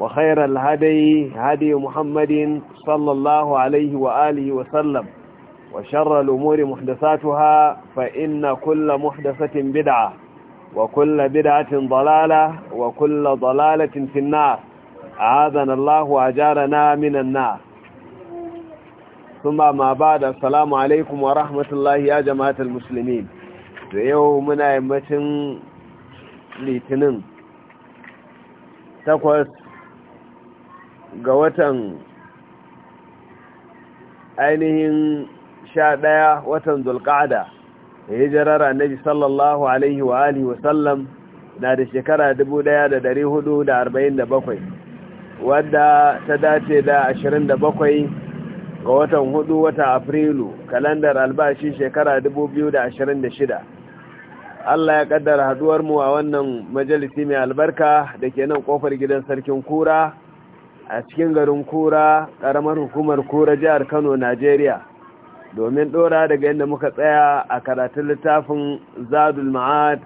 وخير الهدي هدي محمد صلى الله عليه وآله وسلم وشر الأمور محدثاتها فإن كل محدثة بدعة وكل بدعة ضلالة وكل ضلالة في النار أعاذنا الله وأجارنا من النار ثم ما بعد السلام عليكم ورحمة الله يا جماعة المسلمين يومنا يمتن litinin takwas ga watan ainihin sha ɗaya watan zulƙada da hijirar annabi sallallahu alaihi wa alihi wasallam na da shekara bakwai wadda ta dace da bakwai ga watan hudu wata afrilu kalandar albashi shekara shida. Allah ya kaddara haduwar mu a wannan majalisi mai albarka da ke nan kofar gidan sarkin kura a cikin garin kura ƙaramar hukumar kura jihar kano najeriya domin ɗora daga yadda muka tsaya a karatun littafin zadul ma'ad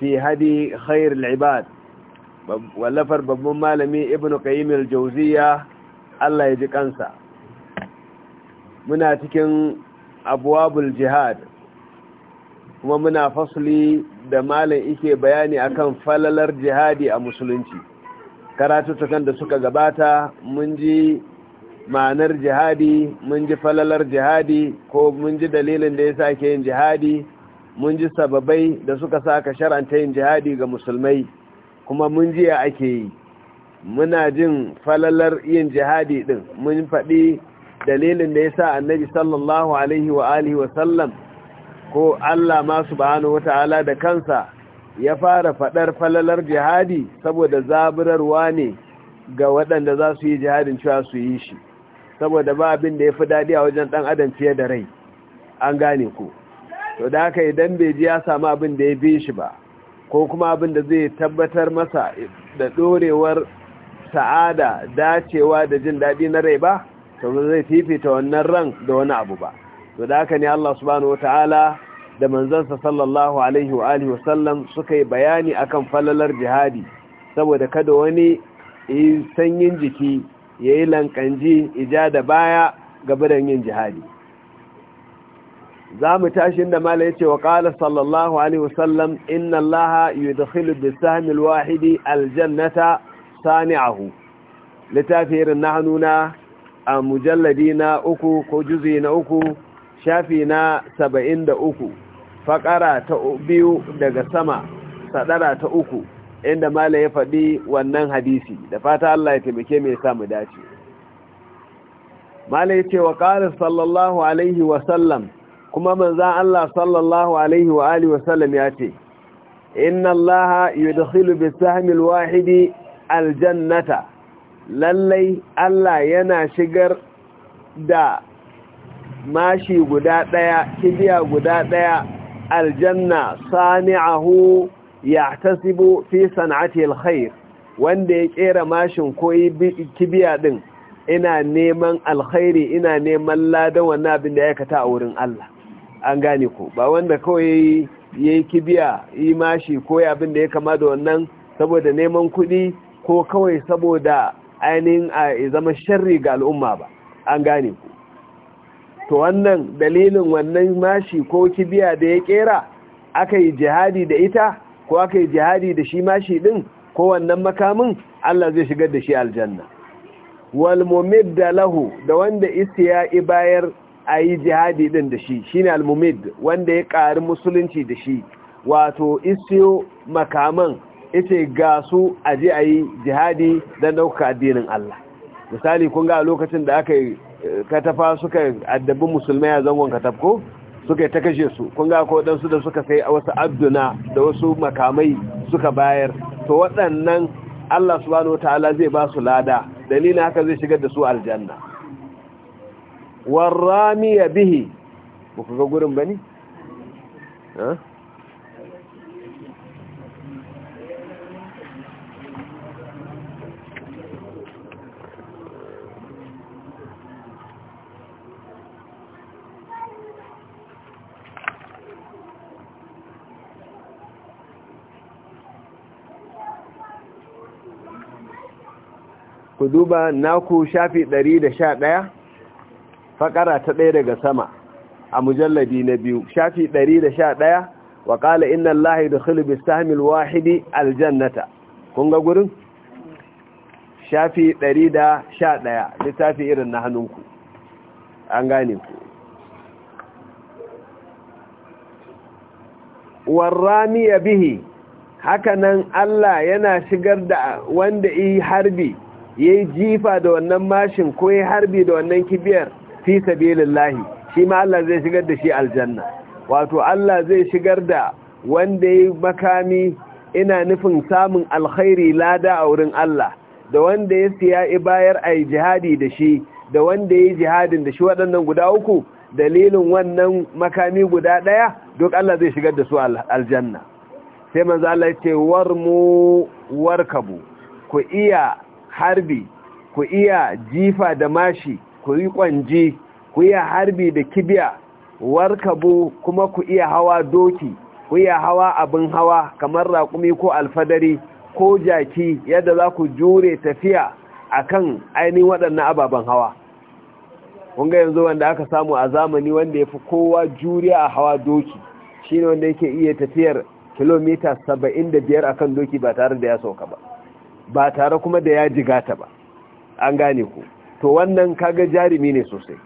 fi hadi khair wallafar babban malami ibn qayyim al Allah ya ji kansa muna cikin abwabul jihad kuma muna fasuli da malam yake bayani akan falalar jihadi a musulunci karatuttukan da suka gabata mun ji ma'anar jihadi mun ji falalar jihadi ko mun ji dalilin da ya sa ke yin jihadi mun ji sababai da suka sa ka sharanta yin jihadi ga musulmai kuma mun ji ya ake yi muna jin falalar yin jihadi din mun faɗi dalilin da ya sa annabi sallallahu alaihi wa alihi wasallam, ko Allah ma subhanahu wata'ala da kansa ya fara faɗar falalar jihadi saboda zaburarwa ne ga waɗanda za su yi jihadin cewa su yi shi saboda ba abin da ya fi daɗi a wajen ɗan adam fiye da rai an gane ku to da haka idan bai ji ya samu abin da ya bi shi ba ko kuma abin da zai tabbatar masa da ɗorewar sa'ada dacewa da jin daɗi na rai ba to zai fifita wannan ran da wani abu ba to da haka ne Allah subhanahu wataala da manzansa sallallahu alaihi wa alihi wasallam suka yi bayani akan falalar jihadi saboda kada wani sanyin jiki ya yi lankanji ija da baya gabaran yin jihadi za mu tashin da mala ya ce wa ƙala sallallahu alaihi wasallam inna allaha yi da khilubin sahamil wahidi aljannata sani'ahu littafiyarin na hannuna a mujalladi na uku ko juzi na uku shafi na saba'in da uku faƙara ta biyu daga sama sadara ta uku inda mala ya faɗi wannan hadisi da fata Allah ya taimake mai samu dace mala ya ce wa ƙarar sallallahu alaihi wasallam kuma manzan Allah sallallahu alaihi wa alihi wasallam ya ce inna Allah yudkhilu bisahmil wahidi aljannata lallai Allah yana shigar da mashi guda ɗaya kibiya guda ɗaya aljanna sani'ahu yahtasibu fi san'ati alkhair wanda ya kera mashin ko kibiya din ina neman alkhairi ina neman ladan wannan abin da ya kata a wurin Allah an gane ko ba wanda kawai yayi kibiya yi mashi ko abin da ya kama da wannan saboda neman kuɗi ko kawai saboda ainihin a zama sharri ga al'umma ba an gane ku to wannan dalilin wannan mashi ko kibiya da ya kera aka yi jihadi da ita ko aka yi jihadi da shi mashi din ko wannan makamin Allah zai shigar da shi aljanna wal da lahu da wanda istiya'i bayar ayi jihadi din da shi shine al mumid wanda ya ƙari musulunci da shi wato istiyo makaman ita ga su aje ayi jihadi don dauka addinin Allah misali kun ga lokacin da aka yi katafa suka addabi musulmai a zangon katafko suka yi ta kashe su kunga ga ko waɗansu da suka sai wasu abduna da wasu makamai suka bayar to waɗannan Allah subhanahu ta'ala zai ba su lada dalilin haka zai shigar da su aljanna miya bihi ba ku ga gurin ba eh ku duba naku shafi 111 fakara ta ɗaya daga sama a mujalladi na biyu shafi 111 wa ƙala inna allaha da khulubi samun wahidi aljannata kun ga gurin shafi 111 littafi irin na hannunku an gane ku warrami bihi hakanan Allah yana shigar da wanda yi harbi ya yi jifa da wannan mashin ko ya harbi da wannan kibiyar fi sabilillahi shi ma Allah zai shigar da shi aljanna wato Allah zai shigar da wanda ya makami ina nufin samun alkhairi lada a wurin Allah da wanda ya siya ibayar a yi jihadi da shi da wanda ya yi jihadin da shi waɗannan guda uku dalilin wannan makami guda ɗaya duk Allah zai shigar da su aljanna sai manzo Allah ce warmu warkabu ku iya harbi ku iya jifa da mashi ku yi kwanji ku iya harbi da kibiya warkabu kuma ku iya hawa doki ku iya hawa abin hawa kamar raƙumi ko alfadari ko jaki yadda za ku jure tafiya a kan ainihin waɗannan ababen hawa kunga yanzu wanda aka samu a zamani wanda ya fi kowa juriya a hawa doki shi ne wanda yake iya tafiyar kilomita 75 kan doki ba tare da ya sauka ba ba tare kuma da ya jigata ba an gane ku to wannan kaga jarumi ne sosai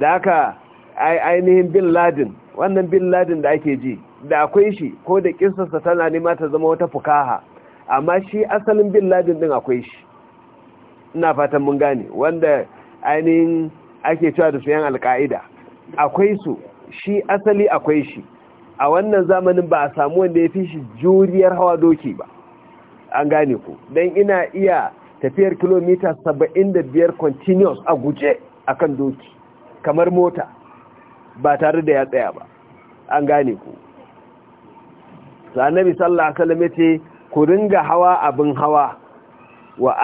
da aka ainihin bin ladin wannan bin ladin da ake ji da akwai shi ko da kinsarsa tana nema ta zama wata fukaha amma shi asalin bin ladin din akwai shi ina fatan mun gane wanda ainihin ake cewa da su yan alka'ida akwai su shi asali akwai shi a wannan zamanin ba a samu wanda ya fi shi juriyar hawa doki ba an gane ku don ina iya tafiyar kilomita saba'in da biyar continuous a guje akan doki kamar mota ba tare da ya tsaya ba an gane ku Zanabi sallah alaihi ce ku ringa hawa abin hawa wa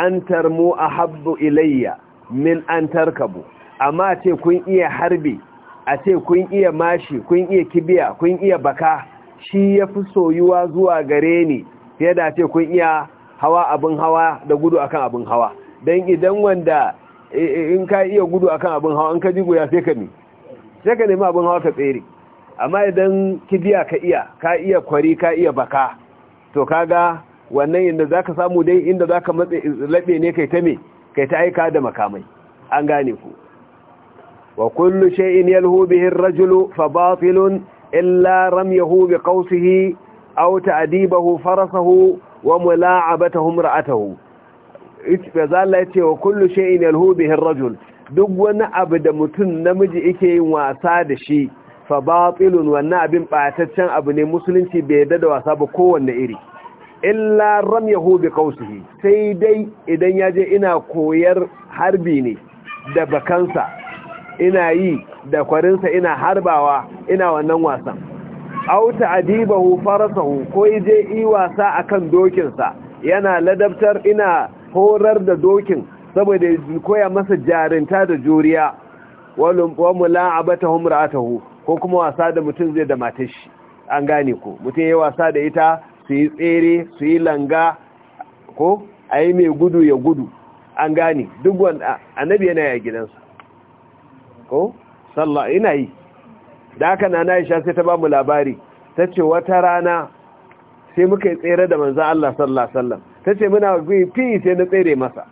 mu a Habdu ilayya min an tarkabu amma ce kun iya harbi a ce kun iya mashi kun iya kibiya kun iya baka shi ya fi soyuwa zuwa gare ni ya dace kun iya hawa abin hawa da gudu akan abin hawa don idan wanda eh, eh, in ka iya gudu akan abin hawa in ka ji goya sai ka ne sai ka nemi abin hawa ka tsere amma idan kibiya ka iya ka iya kwari ka iya baka to kaga wannan inda zaka samu dai inda zaka matse labe ne kai ta me kai ta aika da makamai an gane ku wa kullu shay'in yalhu bihi ar-rajulu fa batilun illa ramyahu bi qawsihi aw ta'dibahu farasahu wa mula'abatahu imra'atahu za Allah yace wa kullu shay'in yalhu bihi ar-rajul duk wani abu da mutum namiji yake yin wasa da shi fa batilun wannan abin bataccen abu ne musulunci bai yarda da wasa ba kowanne iri illa ramyahu bi qawsihi sai dai idan ya je ina koyar harbi ne da bakansa ina yi da kwarinsa ina harbawa ina wannan wasan aw ta'dibahu farasahu ko je yi wasa akan dokin sa yana ladabtar ina horar da dokin saboda koya masa jarinta da juriya walum wa mula'abatahum ra'atahu ko kuma wasa da mutum zai da matashi an gane ko mutum yayi wasa da ita su yi tsere su yi langa ko ayi mai gudu ya gudu an gane duk wanda annabi yana ya gidansa ko sallah ina yi da aka na Aisha sai ta ba mu labari ta ce wata rana sai muka yi tsere da manzan Allah sallallahu ta ce muna fi sai na tsere masa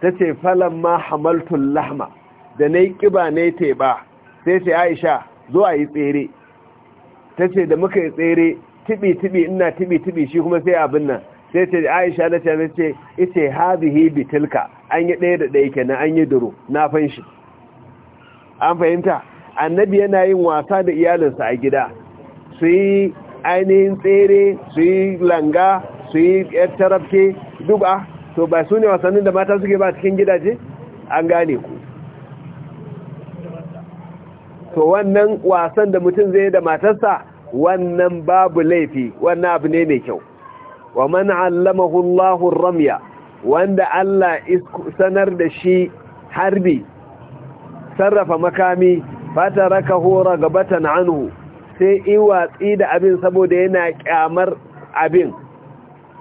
ta ce falon ma hamaltun lahma da na yi ƙiba na yi teba sai ce aisha zo a yi tsere ta ce da muka yi tsere tibi-tibi ina tibi-tibi shi kuma sai abin nan sai ce aisha na ce ce ita hazihi bitilka an yi ɗaya da ɗaya kenan an yi duro na fanshi an fahimta annabi yana yin wasa da iyalinsa a gida su yi ainihin tsere su yi langa su yi tarafke duba to ba su ne wasannin da mata suke ba cikin gidaje an gane ku to wannan wasan da mutum zai da matarsa wannan babu laifi wannan abu ne mai kyau wa man allamahu Allahu ramya wanda Allah sanar da shi harbi sarrafa makami fata raka hora gabatan anhu sai watsi da abin saboda yana kyamar abin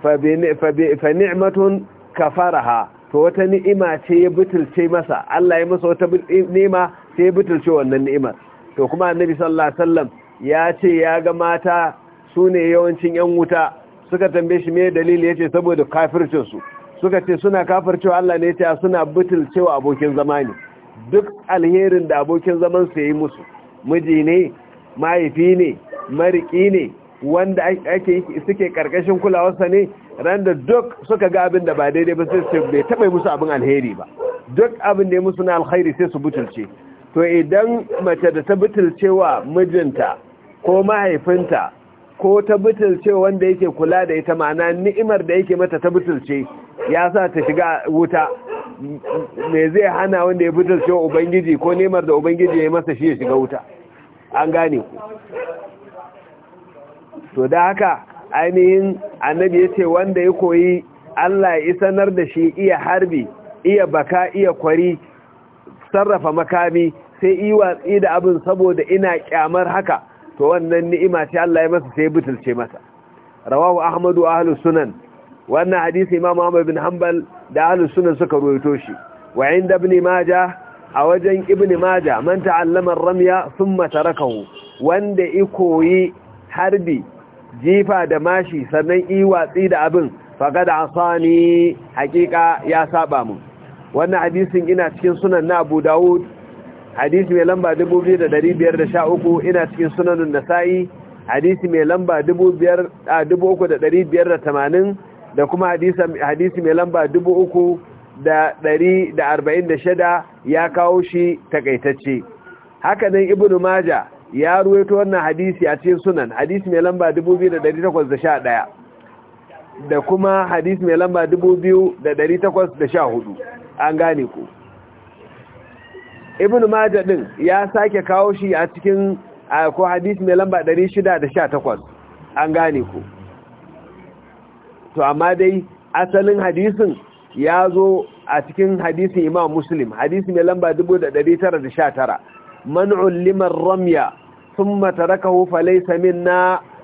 fa ni'matun kafaraha to wata ni'ima ce ya butulce masa Allah ya masa wata ni'ima sai ya butulce wannan ni'imar to kuma annabi sallallahu alaihi wasallam ya ce ya ga mata su ne yawancin yan wuta suka tambaye shi me dalili yace saboda kafircin su suka ce suna kafircewa Allah ne ya ce suna butulcewa abokin zamani duk alherin da abokin zaman ya yi musu miji ne mahaifi ne mariki ne wanda ake suke karkashin kulawarsa ne randa duk suka ga abin da ba daidai ba sai su bai taba musu abin alheri ba duk abin da ya musu na alheri sai su butulce to idan mace da ta butulce wa mijinta ko mahaifinta ko ta butulce wanda yake kula da ita ma'ana ni'imar da yake mata ta butulce ya sa ta shiga wuta me zai hana wanda ya fitar cewa ubangiji ko nemar da ubangiji ya masa shi ya shiga wuta an gane ku to da haka ainihin annabi ya ce wanda ya koyi Allah ya sanar da shi iya harbi iya baka iya kwari sarrafa makami sai yi watsi da abin saboda ina kyamar haka to wannan ni'ima ce Allah ya masa sai butulce masa rawahu ahmadu ahlus sunan wannan hadisi imam Ahmad bin Hanbal da ahlus sunna suka ruwaito shi wa inda ibn Majah a wajen ibn Majah man ta'allama ar-ramya thumma tarakahu wanda ikoyi harbi jifa da mashi sannan yi watsi da abin faqad asani hakika ya saba mu wannan hadisin ina cikin sunan na Abu Dawud hadisi mai lamba 2513 ina cikin sunanun Nasa'i hadisi mai lamba 3580 da kuma hadisi mai lamba dubu uku da dari da arba'in da shada ya kawo shi takaitacce hakanan ibnu maja ya ruwaito wannan hadisi a cikin sunan hadisi mai lamba dubu biyu da dari takwas da sha ɗaya da kuma hadisi mai lamba dubu biyu da dari takwas da sha hudu an gane ku ibnu maja ɗin ya sake kawo shi a cikin ko hadisi mai lamba dari shida da sha takwas an gane ku to amma dai asalin hadisin ya zo a cikin hadisin imam muslim hadisi mai lamba 1919 man liman ramya sun matarakahu na minna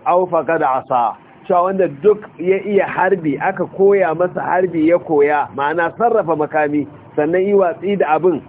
au da asa cewa wanda duk ya iya harbi aka koya masa harbi ya koya ma'ana sarrafa makami sannan yi watsi da abin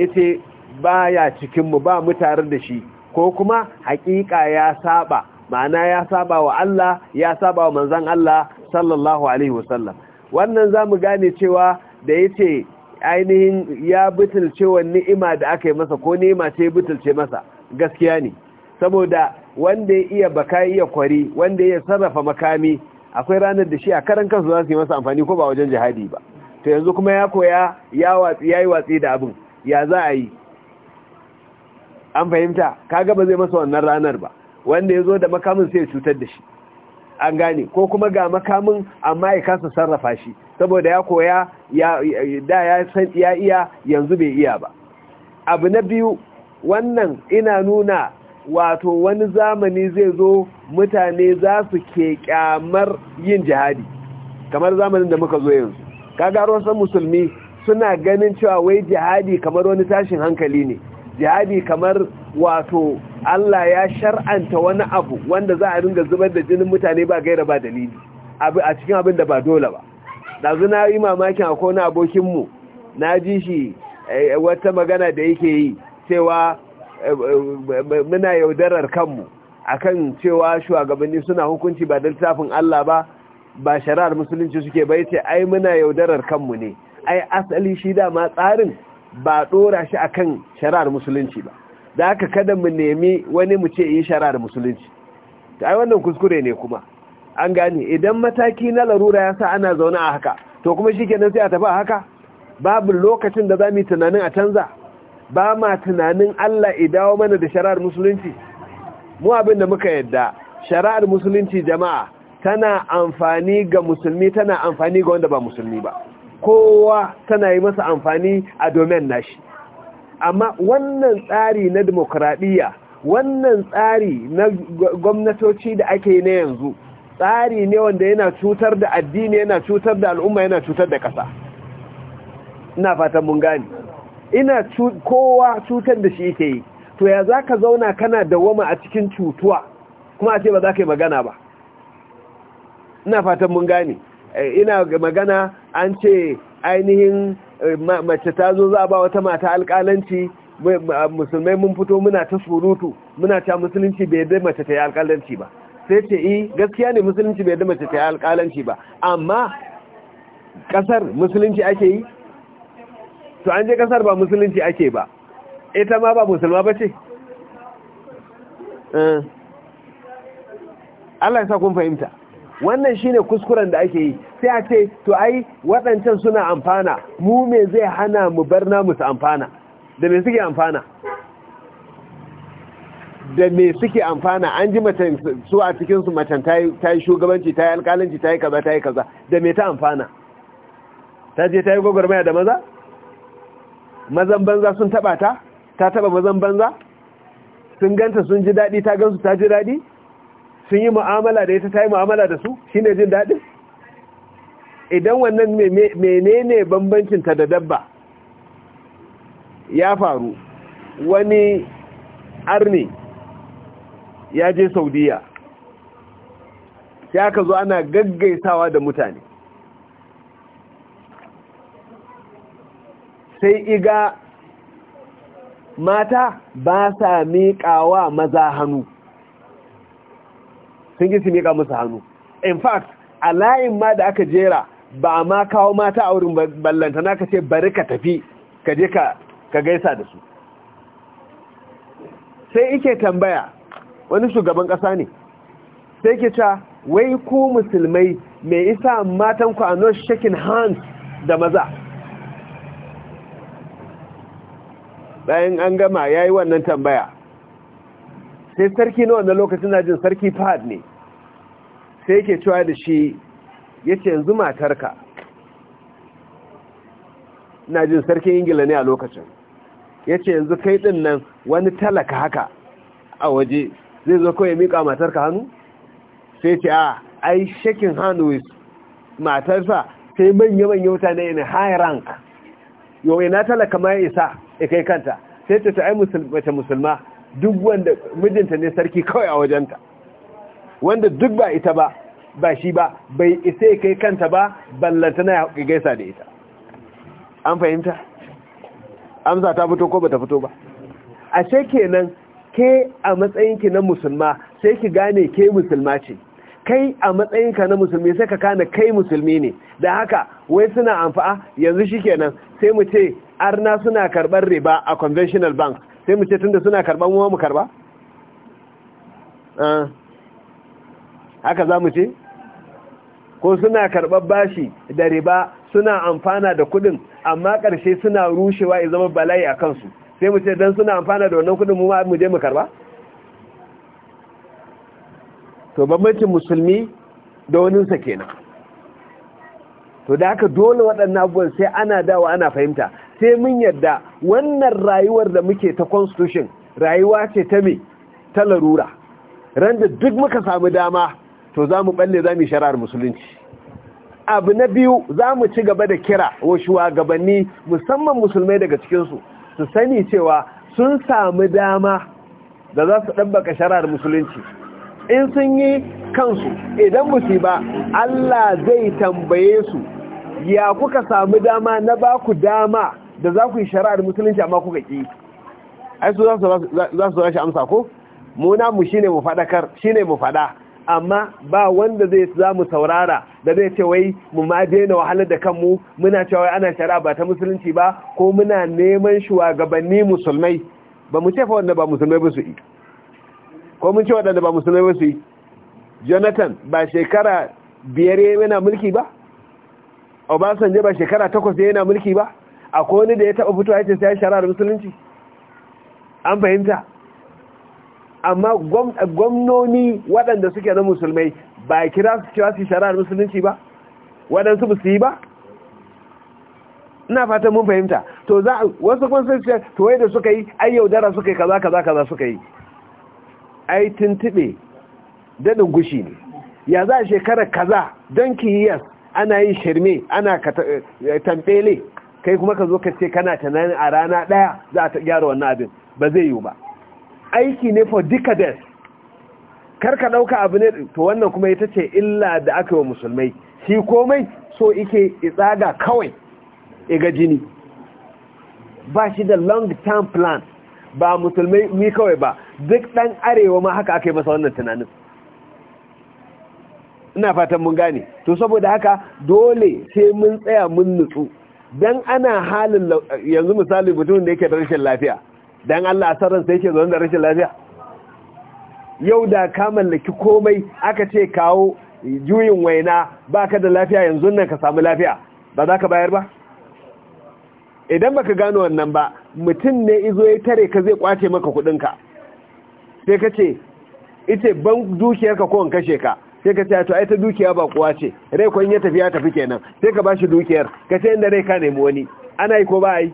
ita ba ya cikinmu ba mu tare da shi ko kuma hakika ya saba ma'ana ya saba wa Allah ya saba wa manzan Allah sallallahu alaihi wasallam wannan zamu gane cewa da yace ainihin ya butulce wa ni'ima da aka yi masa ko ni'ima ce butulce masa gaskiya ne saboda wanda ya iya baka iya kwari wanda ya sarrafa makami akwai ranar da shi a karan kansu za su yi masa amfani ko ba wajen jihadi ba to yanzu kuma ya koya ya watsi yayi watsi da abin ya za a yi an fahimta kaga ba zai masa wannan ranar ba wanda ya zo da makamin sai ya cutar da shi an gane ko kuma ga makamin amma ya kasa sarrafa shi saboda ya koya da ya san iya iya yanzu bai iya ba abu na biyu wannan ina nuna wato wani zamani zai zo mutane za su ke kyamar yin jihadi kamar zamanin da muka zo yanzu kagaro san musulmi suna ganin cewa wai jihadi kamar wani tashin hankali ne jihadi kamar wato Allah ya shar'anta wani abu wanda za a ringa zubar da jinin mutane ba gaira ba dalili a cikin abin da ba dole ba dazu na yi mamakin akwai abokin abokinmu na ji shi eh, eh, wata magana da yake yi cewa eh, muna yaudarar kanmu akan cewa shugabanni suna hukunci ba littafin Allah ba ba shari'ar musulunci suke bai ce ai muna yaudarar kanmu ne ai asali shi ma tsarin ba dora shi akan shari'ar musulunci ba da aka kada mu nemi wani mu ce yi shara da musulunci ta yi wannan kuskure ne kuma an gane idan mataki na larura ya sa ana zaune a haka to kuma shi kenan sai a tafi a haka babu lokacin da za mu yi tunanin a canza ba ma tunanin Allah dawo mana da shari'ar musulunci mu abin da muka yadda shari'ar musulunci jama'a tana amfani ga musulmi tana amfani ga wanda ba musulmi ba kowa tana yi masa amfani a domin nashi amma wannan tsari na demokradiyya wannan tsari na gwamnatoci da ake na yanzu tsari ne wanda yana cutar da addini yana cutar da al'umma yana cutar da ƙasa ina fatan mun gani ina kowa cutar da shi yake yi to ya za ka zauna kana dawama a cikin cutuwa kuma a ce ba za ka yi magana ba ina fatan mun gani eh, ina magana an ce ainihin eh, mace ta zo za a ba wata mata alƙalanci musulmai mun fito muna ta surutu muna ta musulunci bai yadda mace ta yi alƙalanci ba sai ce yi eh, gaskiya ne musulunci bai yadda mace ta yi alƙalanci ba amma ƙasar musulunci ake yi to an je ƙasar ba musulunci ake ba ita ma ba musulma ba ce eh. Allah ya sa kun fahimta wannan shine kuskuren da ake yi sai a ce to ai waɗancan suna amfana mu me zai hana mu bar namu su amfana da me suke amfana da me suke amfana an ji mace su a cikin su macen ta yi shugabanci ta yi alƙalanci ta yi kaza ta yi kaza da me ta amfana ta je ta yi gwagwarmaya da maza mazan banza sun taba ta ta taba mazan banza sun ganta sun ji daɗi ta gansu ta ji daɗi sun yi mu'amala da ita ta yi mu'amala da su shi ne jin daɗin idan wannan menene bambancinta da dabba ya faru wani arni ya je saudiya ya ka zo ana gaggaisawa da mutane sai iga mata ba sa miƙawa maza hannu sun ki su miƙa musu hannu in fact a layin ma da aka jera ba ma kawo mata a wurin ballanta na ka ce bari ka tafi ka je ka gaisa da su sai ike tambaya wani shugaban ƙasa ne sai ke ta wai ku musulmai mai isa matan ku a not shaking hands da maza bayan an gama ya yi wannan tambaya sai sarki na wannan lokacin na jin sarki fahad ne sai yake cewa da shi ya ce yanzu matarka na jin sarkin ingila ne a lokacin ya ce yanzu kai din nan wani talaka haka a waje zai zo kawai miƙa matarka hannu sai ce a ah, ai shakin hannu matarsa sai manya-manya mutane ne high rank yau ina talaka ma ya isa ya kai kanta sai ce ta ai mace musulma duk wanda mijinta ne sarki kawai a wajenta wanda duk ba ita ba ba shi ba bai isa kai kanta ba ballanta na ya gaisa da ita an fahimta amsa ta fito ko bata fito ba ashe kenan ke a matsayinki na musulma sai ki gane ke musulma ce kai a matsayinka na musulmi sai ka kana kai musulmi ne da haka wai suna amfa'a yanzu shikenan sai mu ce arna suna karɓar riba a conventional bank sai mu ce tunda suna karɓa mu mu karɓa ah. haka za mu ce ko suna karɓar bashi da riba suna amfana da kuɗin amma ƙarshe suna rushewa ya zama bala'i a kansu sai mu ce don suna amfana da wannan kuɗin mu ma mu je mu karɓa to bambancin musulmi da waninsa kenan to da haka dole waɗannan abubuwan sai ana dawa ana fahimta sai mun yadda wannan rayuwar da muke ta constitution rayuwa ce ta me ta larura ran da duk muka samu dama to za mu balle za mu sharar musulunci abu na biyu za mu ci gaba da kira wa gabanni musamman musulmai daga cikinsu su sani cewa sun samu dama da za su ɗabbaka sharar musulunci in sun yi kansu idan musu ba Allah zai tambaye su ya kuka samu dama na baku dama da za ku yi shari'ar musulunci amma kuka gaƙi ai su za su rashi amsa ko mu namu shine mu fadakar shine mu fada amma ba wanda zai za mu saurara da zai ce wai mu ma daina wahalar da kanmu muna cewa ana shari'a ba ta musulunci ba ko muna neman shugabanni musulmai ba mu ce fa wanda ba musulmai ba su yi ko mun ce waɗanda ba musulmai ba su yi jonathan ba shekara biyar yana mulki ba obasanjo ba shekara takwas yana mulki ba akwai wani da ya taɓa fito ya ce sai shari'ar musulunci an fahimta amma gwamnoni waɗanda suke na musulmai ba kira su cewa su shari'ar musulunci ba waɗansu ba su yi ba ina fatan mun fahimta to za a, wasu kwanse sun ce to wai da suka yi ai yaudara suka yi kaza kaza kaza suka yi ai tuntube dadin gushi ne ya za a shekarar kaza don kiyas ana yin shirme ana eh, tambele kai kuma ka zo ka ce kana tunanin a rana ɗaya za a gyara wannan abin ba zai yiwu ba aiki ne for decades kar ka ɗauka abu ne to wannan kuma ita ce illa da aka yi wa musulmai shi komai so ike itsaga kawai iga jini ba shi da long term plan ba musulmai mi kawai ba duk dan arewa ma haka aka yi masa wannan tunanin ina fatan mun gane to saboda haka dole sai mun tsaya mun nutsu dan ana halin yanzu misali mutumin da yake da rashin lafiya dan Allah a sarran sai ke zo da rashin lafiya yau da ka mallaki komai aka ce kawo juyin waina ba ka da lafiya yanzu nan ka samu lafiya ba za ka bayar ba idan ba ka gano wannan ba mutum ne izo ya tare ka zai kwace maka kudinka sai ka ce ita ban dukiyarka ko in kashe ka sai ka ce to ai ta dukiya ba kuwa ce rai kwan ya tafiya tafi kenan sai ka bashi dukiyar ka ce inda rai ka nemi wani ana yi ko ba yi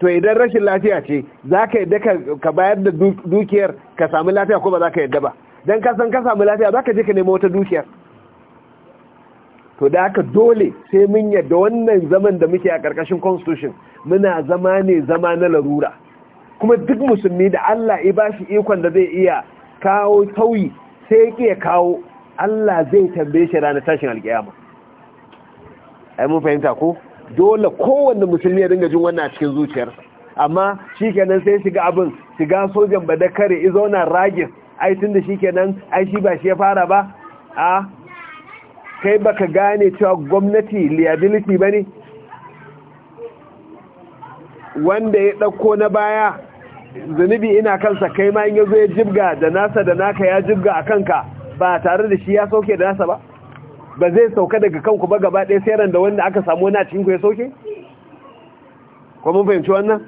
to idan rashin lafiya ce za ka yadda ka bayar da dukiyar ka sami lafiya ko ba za ka yadda ba don ka san ka sami lafiya za ka je ka nemi wata dukiyar to da haka dole sai mun yadda wannan zaman da muke a ƙarƙashin constitution muna zama ne zama na larura kuma duk musulmi da Allah ya bashi ikon da zai iya kawo tauyi sai ya kawo Allah zai tambaye shi ranar tashin alkiyama ai mun fahimta ko dole kowanne musulmi ya dinga jin wannan a cikin zuciyar. amma shikenan sai shiga abin shiga sojan ba da badakare zauna rage ai tunda shikenan ai shi ba shi ya fara ba a kai baka gane cewa gwamnati liability bane wanda ya dauko na baya zunubi ina kansa kai ma in yazo ya jibga da nasa da naka ya jibga a kanka ba tare da shi ya sauke da nasa ba ba zai sauka daga kanku ba gaba ɗaya sai ran da wanda aka samu wani a cikin ya sauke ko mun fahimci wannan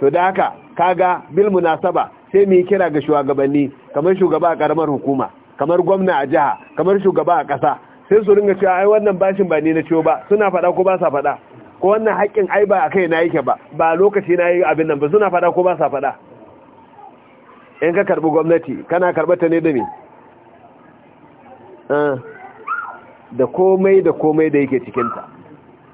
to da haka kaga bil munasaba sai mu yi kira ga shugabanni kamar shugaba a karamar hukuma kamar gwamna a jiha kamar shugaba a ƙasa sai su ringa cewa ai wannan bashin ba ni na ciwo ba suna faɗa ko ba sa faɗa ko wannan haƙƙin ai ba a kai na yake ba ba lokaci na yi abin nan ba suna faɗa ko ba sa faɗa in ka karɓi gwamnati kana karɓata ne da me ah, da komai da komai da yake cikinta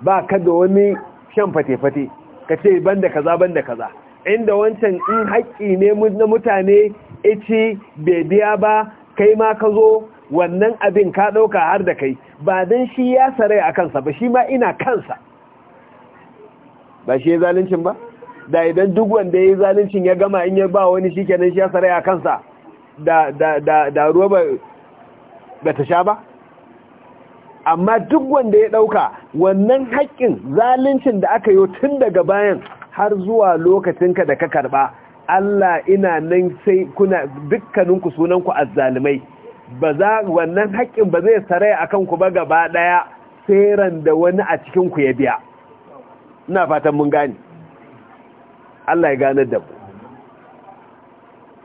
ba ka da wani shan fate-fate ka ce ban da kaza ban da kaza inda wancan in haƙƙi ne na mutane ici bai biya ba kai ma ka zo wannan abin ka ɗauka har da kai ba don shi ya sarai a kansa ba shi ma ina kansa ba shi ya zaluncin ba da idan duk wanda ya yi zaluncin ya gama in ya ba wani shi kenan shi ya sarai a kansa da ruwa ba ta sha ba amma duk wanda ya ɗauka wannan haƙƙin zaluncin da aka yi tun daga bayan har zuwa lokacinka da ka karɓa Allah ina nan sai kuna dukkaninku sunanku azzalumai ba za wannan haƙƙin ba zai sarai a kanku ba gaba ɗaya sai da wani a cikinku ya biya ina fatan mun gane Allah ya ganar da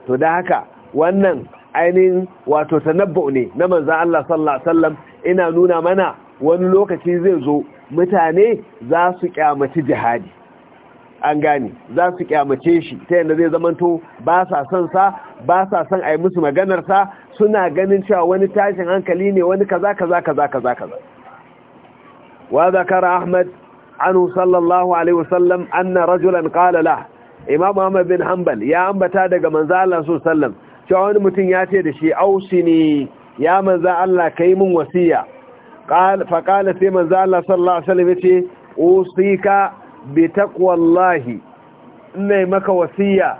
to da haka wannan ainihin wato sanabba ne na manzan Allah sallallahu ina nuna mana wani lokaci zai zo mutane za su kyamaci jihadi an gane za su kyamace shi ta yadda zai zamanto ba sa son sa ba sa son a yi musu maganar sa suna ganin cewa wani tashin hankali ne wani kaza kaza kaza kaza kaza wa zakara ahmad anu sallallahu alaihi wasallam anna rajulan qala la imam ahmad bin hanbal ya ambata daga manzo Allah sallallahu cewa wani mutum ya ce da shi ausini ya manzo Allah kai min wasiya qala fa qala sai manzo Allah sallallahu alaihi wasallam yace usika bi taqwallahi inna maka wasiya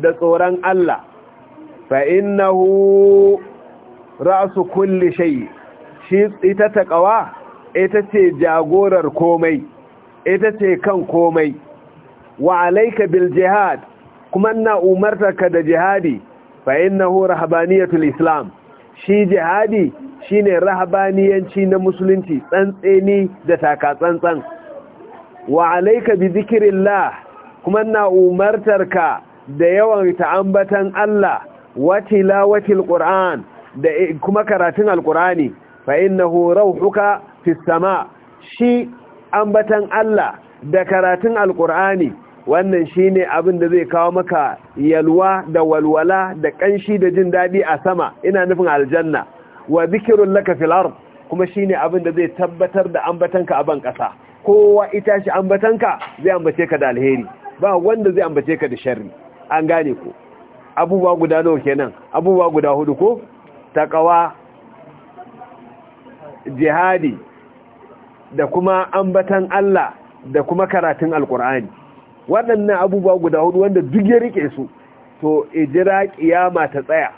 da tsoron Allah fa innahu ra'su kulli shay shi ita taqwa ita ce jagorar komai ita ce kan komai wa alaika bil jihad kuma ina umartarka da jihadi fa innahu rahbaniyatul islam shi jihadi shine rahabaniyanci na musulunci tsantseni da taka tsantsan wa alaika bi zikrillah kuma ina umartarka da yawan ta'ambatan Allah wa tilawatil qur'an da kuma karatun alqur'ani fa innahu rauhuka fis sama shi ambatan Allah da karatun Alƙur'ani wannan shine abin da zai kawo maka yalwa da walwala da ƙanshi da jin daɗi a sama ina nufin aljanna wa zikirun laka filar kuma kuma shine abin da zai tabbatar da ambatanka a ban ƙasa kowa ita shi ambatanka zai ambace ka da alheri ba wanda zai ambace ka da shari an gane ku abubuwa guda nawa kenan abubuwa guda hudu ko taqwa jihadi da kuma ambatan Allah da kuma karatun alkur'ani waɗannan abubuwa guda hudu wanda duk ya rike su to ijira kiyama ta tsaya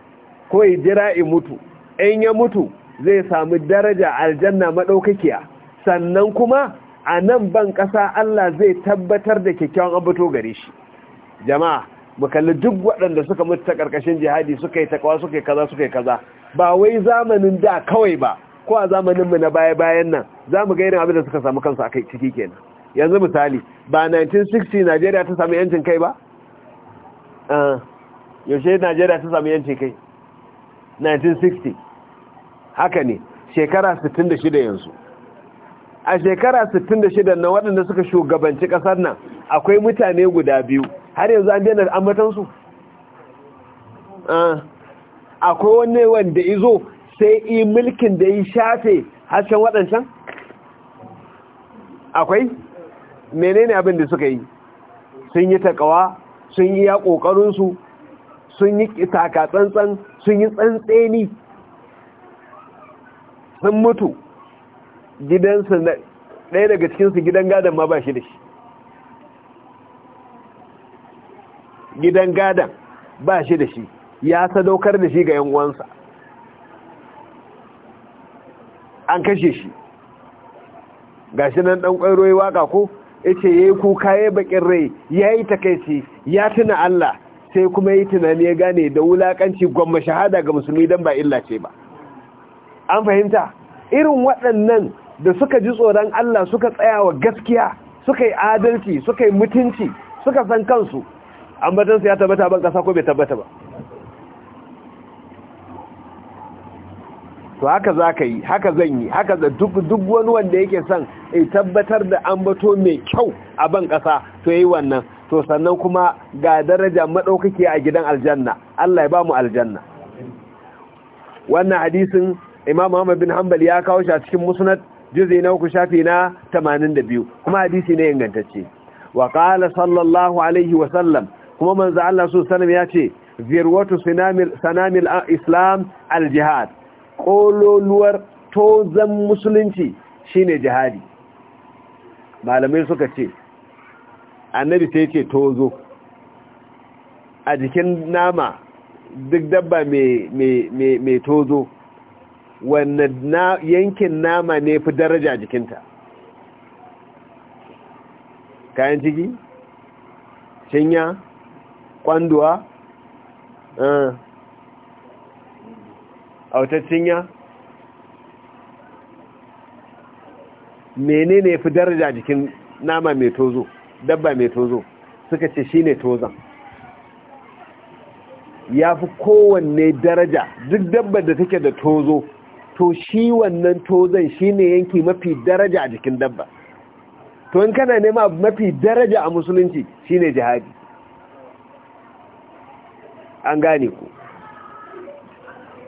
ko ijira i mutu in ya mutu zai samu daraja aljanna madaukakiya sannan kuma a nan ban ƙasa Allah zai tabbatar da kyakkyawan abuto gare shi jama'a mu kalli duk waɗanda suka mutu ta ƙarƙashin jihadi suka yi takawa suka yi kaza suka yi kaza ba wai zamanin da kawai ba ko a zamaninmu na baya-bayan nan za mu irin abin da suka samu kansu a ciki kenan yanzu misali ba 1960 najeriya ta sami yancin kai ba ah, yaushe najeriya ta sami yancin kai 1960 haka ne shekara 66 yanzu a shekara 66 na waɗanda suka shugabanci ƙasar nan akwai mutane guda biyu har yanzu an daina ambatansu ah, akwai wanne wanda izo sai i mulkin da yi shafe hasken waɗancan akwai menene abin da suka yi sun yi takawa sun yi ya ƙoƙarinsu sun yi tsantsan sun yi tsantseni sun mutu gidansu ɗaya daga cikinsu gidan gadon ma ba shi da shi gidan gadon ba shi da shi ya sadaukar da shi ga yan'uwansa an kashe shi Ga shi nan ɗan kwairo ya waka ko ya yi kuka ya bakin rai Ya yayi takaici ya tuna Allah sai kuma yi tunani ya gane da wulaƙanci gwamma shahada ga musulmi don ba illa ce ba an fahimta irin waɗannan da suka ji tsoron Allah suka tsaya wa gaskiya suka yi adalci suka yi mutunci suka san kansu an ambatansu ya tabbata ban ƙasa ko bai tabbata ba to haka za ka yi haka zan yi haka za duk wani wanda yake son ya tabbatar da an bato mai kyau a ban ƙasa to ya yi wannan to sannan kuma ga daraja maɗaukaki a gidan aljanna Allah ya ba mu aljanna wannan hadisin imam Muhammad bin Hanbal ya kawo shi a cikin musnad juz'i na uku shafi na 82 kuma hadisi ne ingantacce wa qala sallallahu alaihi wa sallam kuma manzo Allah su sallam ya ce zirwatu sanamil sanamil islam al jihad ƙololuwar tozan musulunci shine jihadi malamai suka ce annabi sai ce tozo a jikin nama duk dabba mai tozo wanne yankin nama ne fi daraja jikinta kayan ciki cinya kwanduwa eh. autaccin ya cinya menene ya fi daraja jikin nama mai tozo dabba mai tozo suka ce shi ne tozan ya fi kowanne daraja duk dabba da take da tozo to shi wannan tozan ne yanki mafi daraja a jikin dabba to in kana nema mafi daraja a musulunci shi ne jihadi an gane ku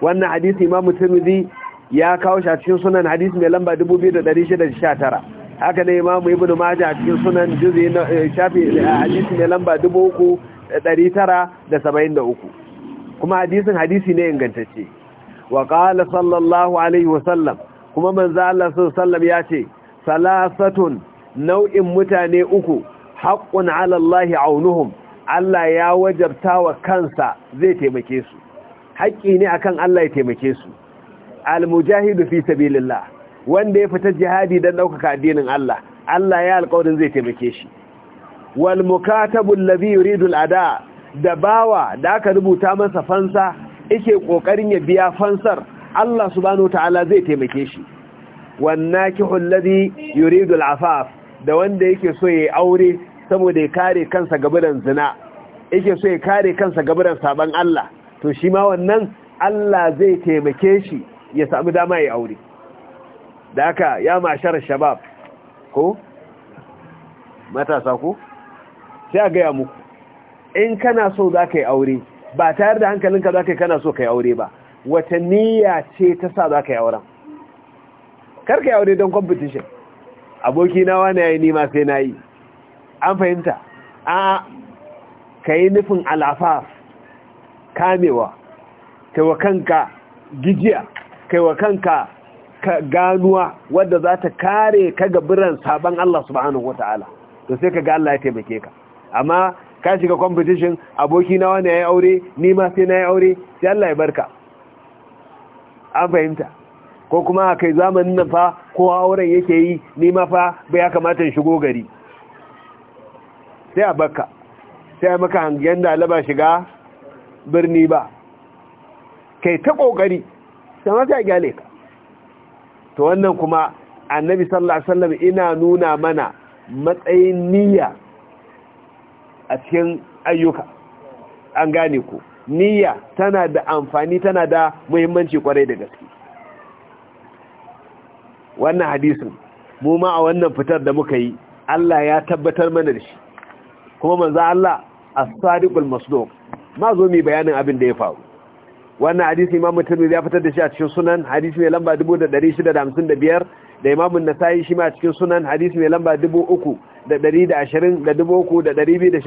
wannan hadisi imamu tirmidhi ya kawo shi a cikin sunan hadisi mai lamba 2619 haka ne imamu ibnu majah a cikin sunan juzi na eh, shafi eh, hadisi mai lamba 3973 kuma hadisin hadisi ne ingantacce wa qala sallallahu alaihi wasallam kuma manzo Allah sallallahu ya ce salasatun nau'in mutane uku haqqun ala Allah aunuhum Allah ya wajabta wa kansa zai taimake su haƙƙi ne akan Allah ya taimake su al-mujahidu fi sabilillah wanda ya fita jihadi dan ɗaukaka addinin Allah Allah ya alƙawarin zai taimake shi wal mukatabu allazi yuridu al-ada da bawa da aka rubuta masa fansa yake kokarin ya biya fansar Allah subhanahu ta'ala zai taimake shi wan nakihu allazi yuridu al-afaf da wanda yake so ya aure saboda ya kare kansa gaburan zina yake so ya kare kansa gaburan saban Allah to shi ma wannan Allah zai taimake shi ya sami dama ya aure da aka ya mashar shabab ko matasa ko sai a gaya muku in kana so za ka yi aure ba tare da hankalinka za ka yi kana so ka yi aure ba wata niyya ce ta sa za ka yi auren kar ka yi aure don competition aboki na wani ya yi nima sai na yi an fahimta a ka yi nufin al'afaf kamewa kai wa kanka gijiya kai wa kanka ganuwa wadda za ta kare ka biran sabon Allah subhanahu ta'ala, to sai ka ga Allah ya taimake ka amma ka shiga competition aboki na wani yayi aure ni ma sai na yi aure sai Allah ya barka an fahimta ko kuma kai zamanin nan fa kowa auren yake yi ni ma fa bai ya kamata in shigo gari sai a baka sai maka hangen da alaba shiga birni ba kai ta kokari sama ta gyale ka to wannan kuma annabi sallallahu alaihi wasallam ina nuna mana matsayin niyya a cikin ayyuka an gane ku niyya tana da amfani tana da muhimmanci kwarai da gaske wannan hadisin mu ma a wannan fitar da muka yi Allah ya tabbatar mana da shi kuma manzo Allah as-sadiqul masduq ma zo mai bayanin abin da ya faru wannan hadisi imamu tirmidhi ya fitar da shi a cikin sunan hadisi mai lamba 1655 da imamu nasa'i shi ma a cikin sunan hadisi mai lamba uku da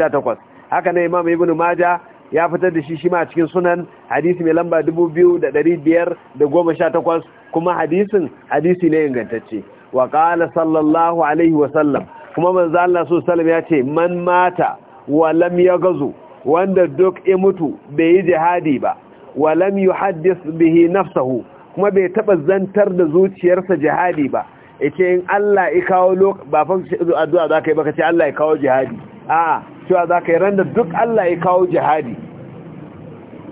takwas. haka na imamu ibn maja ya fitar da shi shi ma a cikin sunan hadisi mai lamba 2,518 kuma hadisin hadisi ne ingantacce wa qala sallallahu alaihi wa sallam kuma manzo Allah sallallahu alaihi ya ce man mata wa lam yagzu wanda duk ya mutu bai yi jihadi ba walam yuhaddis bihi nafsahu kuma bai taba zantar da zuciyarsa jihadi ba yace in Allah ya kawo lokaci ba fa addu'a ka yi ba ce Allah ya kawo jihadi a cewa zaka yi randa duk Allah ya kawo jihadi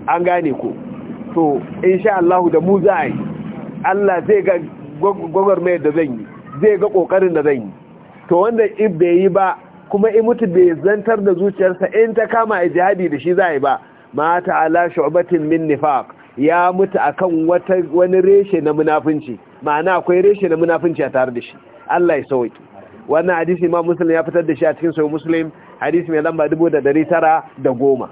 an gane ko to insha Allah da mu za a yi Allah zai ga mai da zan yi zai ga kokarin da zan yi to wanda in bai yi ba kuma in mutu bai zantar da zuciyarsa in ta kama a jihadi da shi za a yi ba mata ala shu'batin min nifaq ya mutu akan wata wani reshe na munafunci ma'ana akwai reshe na munafunci a tare da shi Allah ya sauki wannan hadisi ma Muslim ya fitar da shi a cikin Sahih Muslim hadisi mai lamba 1910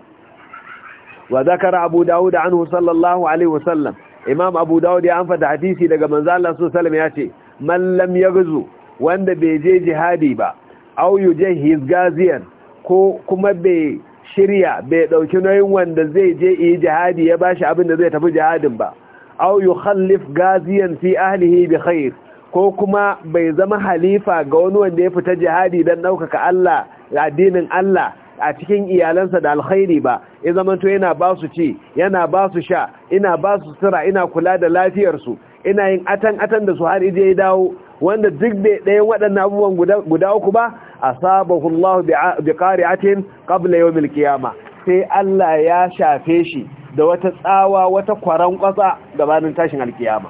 wa zakara Abu daud anhu sallallahu alaihi wasallam Imam Abu daud ya amfata hadisi daga manzo Allah sallallahu alaihi wasallam ya ce man lam yaghzu wanda bai je jihadi ba au his gaziyar ko kuma bai shirya bai dauki nauyin wanda zai je yi jihadi ya bashi abin da zai tafi jihadin ba au yukhallif gaziyan fi ahlihi bi khair ko kuma bai zama halifa ga wani wanda ya fita jihadi dan ɗaukaka Allah addinin Allah a cikin iyalansa da alkhairi ba ya to yana ba su ci yana ba su sha ina ba su sira ina kula da lafiyarsu ina yin atan atan da su har ije ya dawo wanda duk bai ɗayan waɗannan abubuwan guda uku ba a sabahun Allah bi qari'atin qabla ƙabla al milkiyama sai Allah ya shafe shi da wata tsawa wata kwaran ƙwasa gabanin tashin alkiyama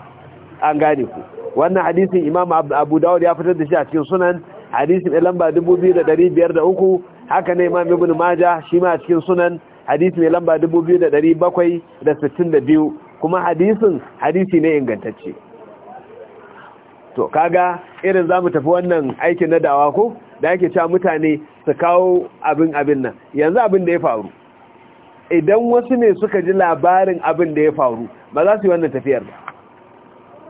an gane ku wannan hadisin Imam Abu Dawud ya fitar da shi a cikin sunan hadisin mai lamba 2503 haka ne Imam Ibn Majah shi ma a cikin sunan da mai lamba 2762 kuma hadisin hadisi ne ingantacce to kaga irin zamu tafi wannan aikin na dawa ko da yake cewa mutane su kawo abin abin nan yanzu abin da ya faru idan wasu ne suka ji labarin abin da ya faru ba za su yi wannan tafiyar ba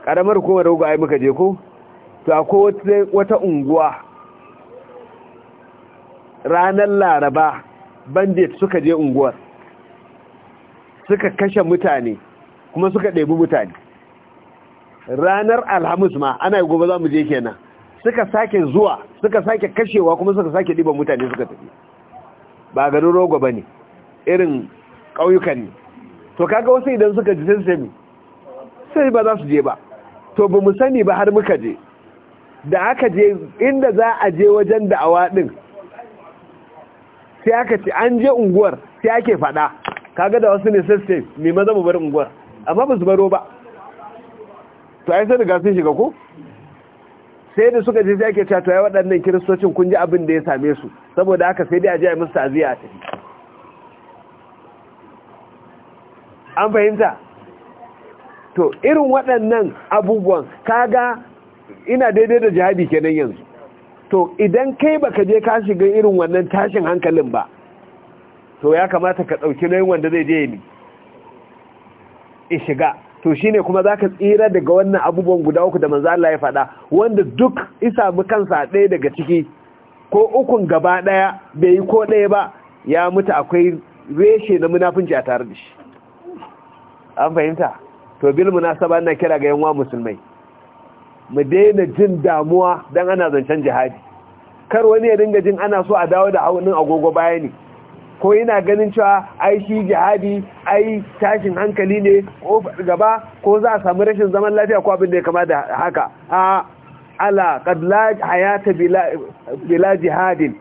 karamar hukumar rugu ai muka je ko to akwai wata unguwa ranar laraba bandit suka je unguwar suka kashe mutane kuma suka ɗebi mutane ranar alhamis ma ana yi gobe za mu je kenan suka sake zuwa suka sake kashewa kuma suka sake ɗiban mutane suka tafi ba garin rogo ba ne irin ƙauyukan ne to kaga wasu idan suka ji sun sami sai ba za su je ba to ba mu sani ba har muka je da aka je inda za a je wajen awa ɗin sai aka ce an je unguwar sai ake faɗa kaga da wasu ne sai sai mai maza mu bar unguwar amma ba su baro ba to ai sai riga sun shiga ko sai da suka je sai ake cewa ya ai waɗannan kiristocin kun ji abin da ya same su saboda haka sai dai a je a musu taziya a tafi an fahimta to irin waɗannan abubuwan kaga ina daidai da jihadi kenan yanzu to idan kai baka je ka shiga irin wannan tashin hankalin ba to ya kamata ka ɗauki nayin wanda zai je ni shiga to shi ne kuma zaka tsira daga wannan abubuwan guda uku da manzo Allah ya faɗa wanda duk isa mu kansa ɗaya daga ciki ko ukun gaba ɗaya bai yi ko ɗaya ba ya mutu akwai reshe na munafunci a tare da shi an fahimta to bil munasaba ina kira ga yanwa musulmai mu daina jin damuwa dan ana zancen jihadi kar wani ya dinga jin ana so a dawo da haunin agogo baya ne ko yana ganin cewa ai shi jihadi ai tashin hankali ne ko gaba ko za a samu rashin zaman lafiya ko abin da ya kama da haka a ala qad la hayata bila jihadin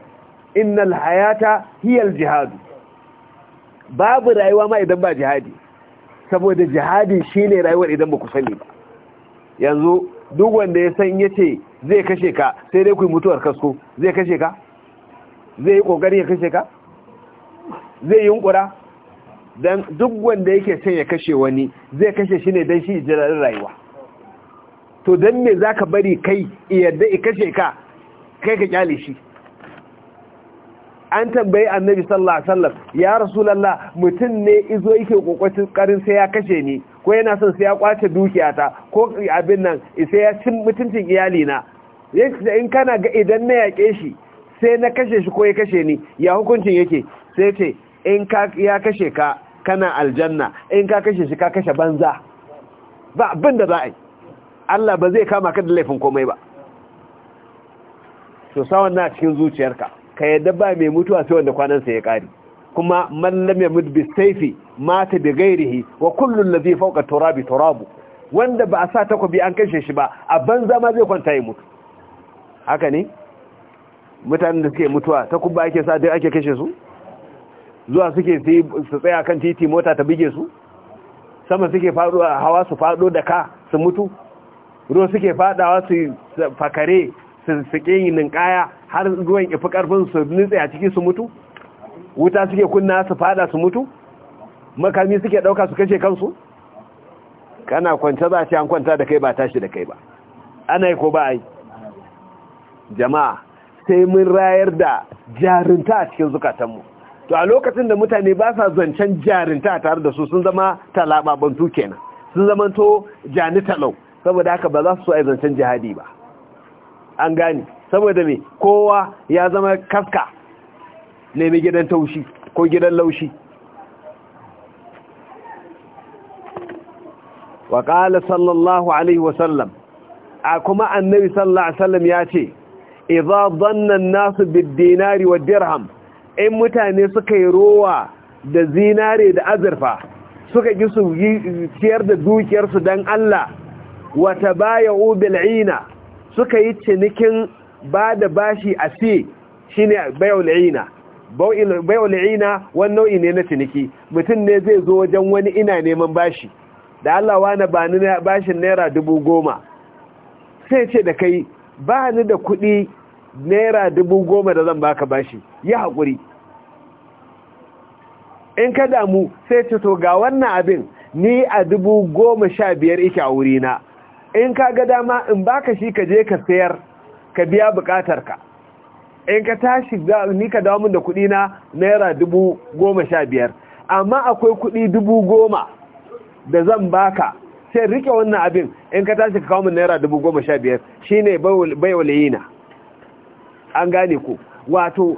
innal hayata al jihad babu rayuwa ma idan ba jihadi saboda jihadi shine rayuwar idan ba ku sani ba yanzu duk wanda ya san yace zai kashe ka sai dai ku mutuwar kasko zai kashe ka zai yi kokari ya kashe ka zai yunƙura? dan duk wanda yake son ya kashe wani zai kashe shi ne don shi jiragen rayuwa to dan me ka bari kai yadda i kashe ka kai ka kyale shi an tambayi annabi sallallahu ya rasu ya mutum ne izo yake kokotin karin sai ya kashe ni ko yana son sai ya kwace dukiyata ko abin nan sai ya cin mutuncin iyali na in kana ga idan na yaƙe shi sai na kashe shi ko ya kashe ni ya hukuncin yake sai ce in ka ya kashe ka kana aljanna in ka kashe shi ka kashe banza ba abin da za Allah ba zai kama ka da laifin komai ba to sawan na cikin zuciyarka ka yadda ba mai mutuwa sai wanda kwanansa ya kare kuma man lam yamut bi sayfi mata bi ghairihi wa kullu alladhi fawqa turabi turabu wanda ba a sa takobi an kashe shi ba a banza ma zai kwanta ya mutu haka ne mutanen da suke mutuwa takuba ake sa duk ake kashe su zuwa suke su tsaya kan titi mota ta bige su sama suke a hawa su fado da ka su mutu ruwa suke fadawa su fakare su suke yi ninkaya har ruwan ifi karfin su nutse a ciki su mutu wuta suke kunna su fada su mutu makami suke dauka su kashe kansu kana kwance za shi an kwanta da kai ba tashi da kai ba ana yi ko ba yi jama'a sai mun rayar da jarinta a cikin zukatanmu to a lokacin da mutane ba sa zancen jarinta tare da su sun zama talababantu kenan sun zama to jani talau saboda haka ba za su so a zancen jihadi ba an gane saboda me kowa ya zama kaska nemi gidan taushi ko gidan laushi wa sallallahu alaihi wasallam a kuma annabi sallallahu alaihi wasallam ya ce 'Iza zannan nasu bid-dinari dirham in mutane suka yi rowa da zinare da azurfa suka ki su ciyar da dukiyarsu don Allah wata baya ubil'ina, suka yi cinikin ba da bashi a si shi ne bayol'ina bayol'ina wani nau'i ne na ciniki mutum ne zai zo wajen wani ina neman bashi da Allah na ba ni bashin naira dubu goma sai ce da kai ba ni da kuɗi naira dubu goma da zan baka bashi ya haƙuri in ka damu sai ce to ga wannan abin ni a dubu goma sha biyar ike a wurina in ka ga dama in ba ka shi ka je ka sayar ka biya bukatarka in ka tashi ni ka dawo min da kuɗi na naira dubu goma sha biyar amma akwai kuɗi dubu goma da zan baka sai rike wannan abin in ka tashi ka kawo min naira dubu goma sha biyar shi ne yi na, an gane ku wato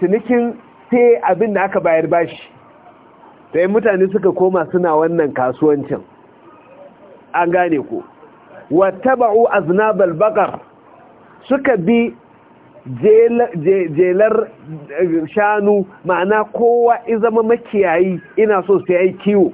cinikin sai abin da aka bayar bashi sai mutane suka koma suna wannan kasuwancin an gane ku a aznabal bakar suka bi jelar eh, shanu ma'ana kowa izama makiyayi ina so sai yi kiwo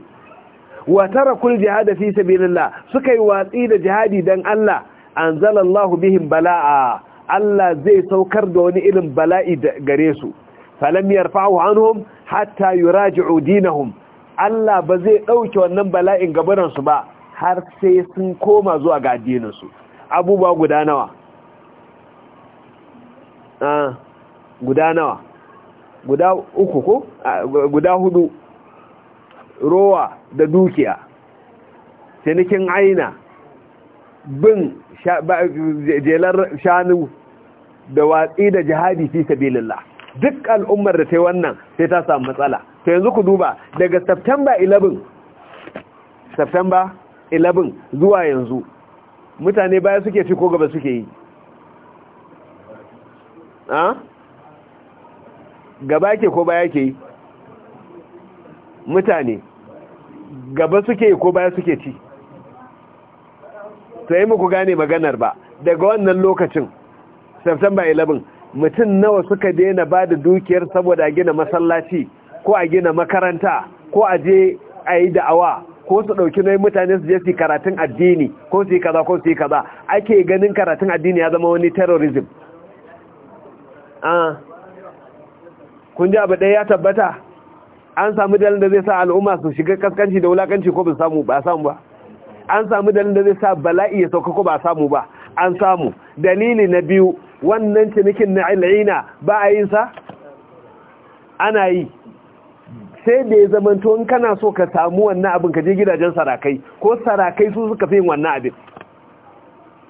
wata rakul jihada fi sabilillah suka yi watsi da jihadi don Allah An zalallahu bihin bala'a Allah zai saukar da wani irin bala'i gare su falam yarfa'u anhum hatta yuraji'u dinahum Allah ba zai dauke wannan bala'in gaban su ba har sai sun koma zuwa ga addinin su abubuwa guda nawa ah guda nawa guda uku ko ah, guda hudu rowa da dukiya cinikin aina bin jelar shanu da watsi da jihadi fi sabilillah duk al'ummar da ta yi wannan sai ta samu matsala ta yanzu ku duba daga september 11 september 11 zuwa yanzu mutane baya suke ci ko gaba suke yi gaba ke ko baya ke yi mutane gaba suke yi ko baya suke ci ta yi muku gane maganar ba daga wannan lokacin september 11 mutum nawa suka daina ba da dukiyar saboda a gina masallaci ko a gina makaranta ko a je a yi da'awa ko su ɗauki nai mutane su je su yi karatun addini ko su yi kaza ko su yi kaza ake ganin karatun addini ya zama wani terrorism ah. kun ji abu ɗaya ya tabbata an samu dalilin da zai sa al'umma su shiga kaskanci da wulakanci ko ba samu ba samu ba an samu dalilin da zai sa bala'i ya sauka ko ba samu ba an samu dalili na biyu wannan cinikin na al'ina ba a yin sa ana yi sai da ya zamanto in kana so ka samu wannan abin ka je gidajen sarakai ko sarakai su suka fi yin wannan abin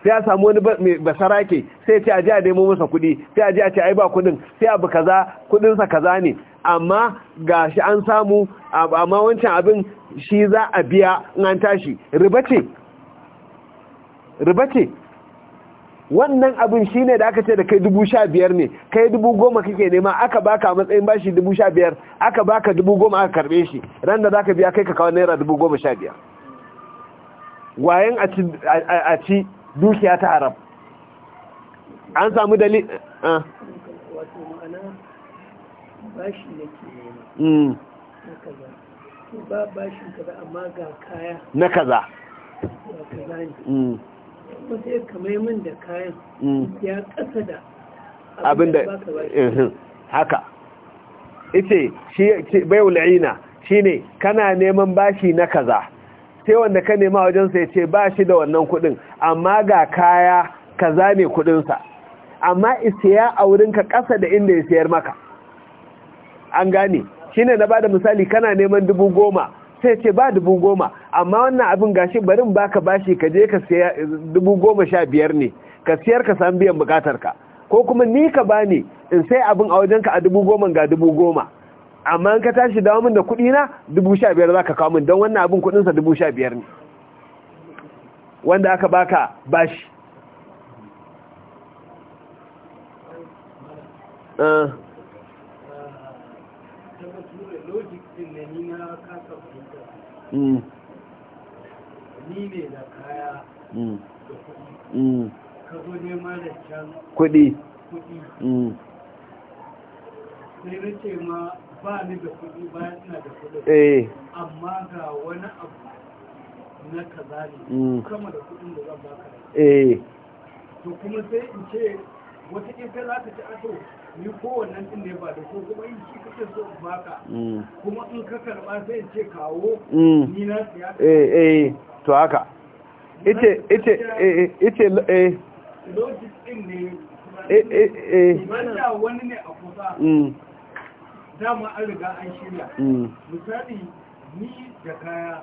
sai a samu wani basarake sai ce a ji a nemo masa kudi sai a ji a ce ai ba kudin sai abu kaza kudinsa kaza ne amma ga shi an samu amma wancan abin shi za a biya in an tashi riba ce riba ce wannan abin shi ne da aka ce da kai dubu sha biyar ne kai dubu goma kake nema aka baka matsayin bashi dubu sha biyar aka baka dubu goma aka karbe shi ran da za ka biya kai ka kawo naira dubu goma sha biyar wayan a ci dukiya ta haram an samu dalil. Mm. na kaza na kaza ko sai da kayan mm. ya kasa da shi bai shine kana neman bashi na kaza sai wanda ka nema wajen sai ce ba shi da wannan kudin amma ga kaya kaza ne kudinsa amma isiya a wurin ka kasa da inda ya sayar maka an gane ne na bada misali kana neman dubu goma sai ce ba dubu goma amma wannan abin gashi barin baka bashi ka je ka siya eh, dubu goma sha biyar ne ka siyar ka san biyan bukatar ka ko kuma ni ka bani in sai abin a wajen ka a dubu goma ga dubu goma amma in ka tashi dawo min da kuɗi na dubu sha biyar za ka kawo min don wannan abin kuɗin sa dubu sha biyar ne wanda aka baka bashi Uh. Mm. ni ne da kaya mm. da kuɗi mm. ka zo nema da can kuɗi sai na ce ma ba ni da kuɗi bayan ina da kuɗi eh. amma ga wani abu na kaza ne kama da kuɗin da zan baka eh to kuma sai in ce wata ƙirƙa za ka ci ato ni kowannen din ne ba da ko kuma in shi kake so in baka mm. kuma in ka karba sai in ce kawo mm. ni na siya eh eh to haka ite ite ite eh logic din ne eh eh eh wani ne a kusa mm. dama an riga an shirya misali ni da kaya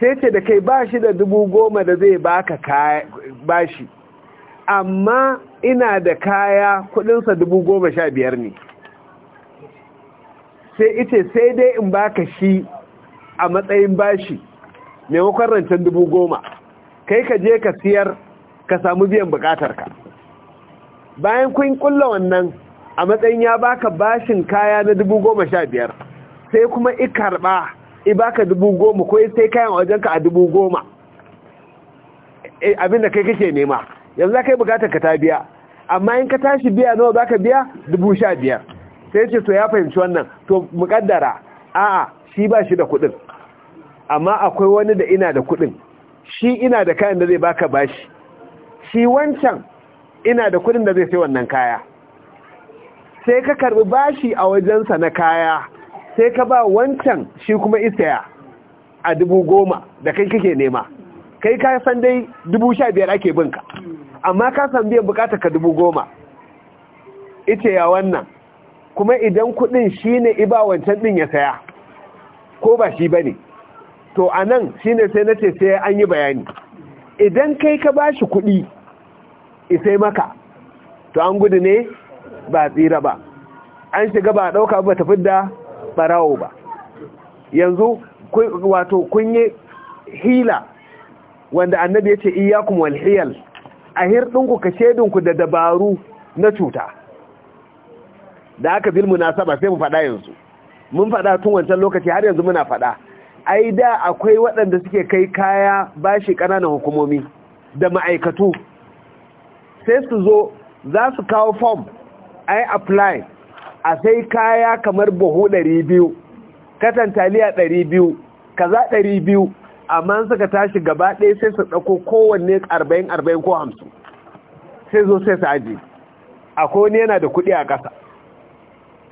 sai ce da kai ba shi da dubu goma da zai baka bashi amma ina da kaya kudinsa dubu goma sha biyar ne sai ice sai dai in baka shi a matsayin bashi maimakon rancen dubu goma kai ka je ka siyar ka samu biyan bukatarka bayan kun kulla wannan a matsayin ya baka bashin kaya na dubu goma sha biyar sai kuma ikarba i baka dubu goma ko sai kayan wajenka a dubu goma eh, abin da kai kake nema yanzu za ka yi bukatar ka ta biya amma in ka tashi biya nawa za ka biya dubu sha biyar sai ce to ya fahimci wannan to mukaddara a'a shi ba shi da kuɗin amma akwai wani da ina da kuɗin shi ina da kayan da zai baka bashi shi wancan ina da kuɗin da zai sai wannan kaya sai ka karbi bashi a wajensa na kaya sai ka ba wancan shi kuma isaya a dubu goma da kai kake nema kai ka san dai dubu sha biyar ake binka amma ka san biyan bukatar ka dubu goma ita ya wannan kuma idan kudin shi ne iba wancan din ya saya ko ba shi ba ne to a nan shi ne sai na ce sai an yi bayani idan kai ka ba shi kudi isai maka to an gudu ne ba tsira ba an shiga ba a ɗauka ba tafi da barawo ba yanzu wato kun hila wanda annabi ya ce iyakun walhiyal a hirɗinku ka shedinku da dabaru na cuta da aka bil saba sai mu faɗa yanzu mun faɗa tun wancan lokaci har yanzu muna faɗa ai da akwai waɗanda suke kai kaya bashi ƙananan hukumomi da ma'aikatu sai su zo za su kawo form ai apply a sai kaya kamar buhu ɗari biyu katan taliya ɗari biyu kaza ɗari biyu amma suka tashi gaba ɗaya sai su ɗauko kowanne arba'in arba'in ko hamsin sai zo sai su aji a wani yana da kuɗi a ƙasa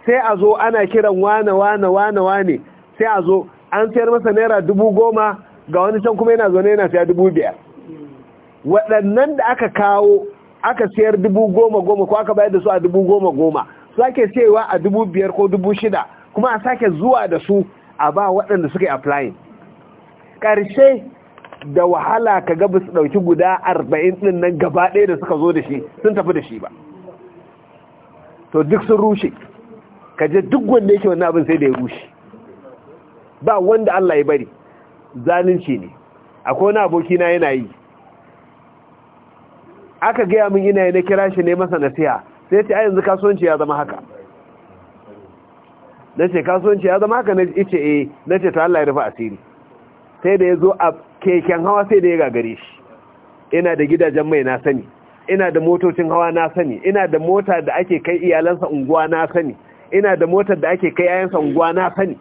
sai a zo ana kiran wane wane wane wane sai a zo an sayar masa naira dubu goma ga wani can kuma yana zaune yana siya dubu biyar waɗannan da aka kawo aka siyar dubu goma goma ko aka bayar da su a dubu goma goma sake cewa a dubu biyar ko dubu shida kuma a sake zuwa da su a ba waɗanda suka yi applying ƙarshe da wahala ka gaba su ɗauki guda arba'in ɗin nan gaba ɗaya da suka zo da shi sun tafi da shi ba to duk sun rushe ka je duk wanda yake wannan abin sai da ya rushe ba wanda Allah ya bari zalunci ne akwai wani abokina yana yi aka gaya min ina yi na kira shi ne masa nasiha sai ce a yanzu kasuwanci ya zama haka na ce kasuwanci ya zama haka na ce e na ce ta Allah ya rufe asiri sai da ya zo a keken hawa sai da ya gagare shi ina da gidajen mai na sani ina da motocin hawa na sani ina da mota da ake kai iyalansa unguwa na sani ina da motar da ake kai yayansa unguwa na sani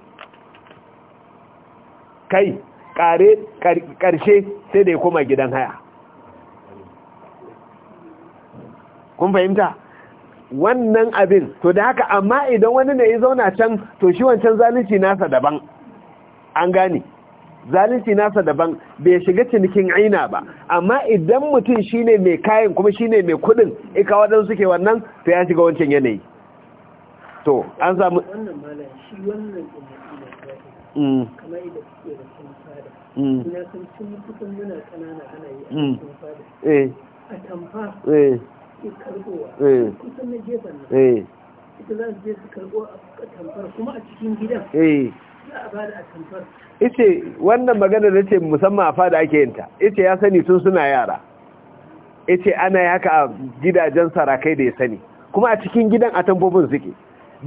kai kare karshe sai da ya koma gidan haya kun fahimta wannan abin to da haka amma idan wani ne ya zauna can to shi wancan zalunci nasa daban an gane zalunci nasa daban bai shiga cinikin aina ba amma idan mutum shine mai kayan kuma shine mai kudin ika waɗansu suke wannan to ya shiga wancan yanayi to an samu wannan malam shi wannan mm. kamar idan suke da sun fada mm. ina san cin kudin muna kanana ana yi a mm. cikin fada eh. a Eh. Eh. ita eh. wannan magana da ce musamman a fada ake yinta ice ya sani tun suna yara ice ana yaka a gidajen sarakai da ya sani kuma a cikin gidan a tamfofin suke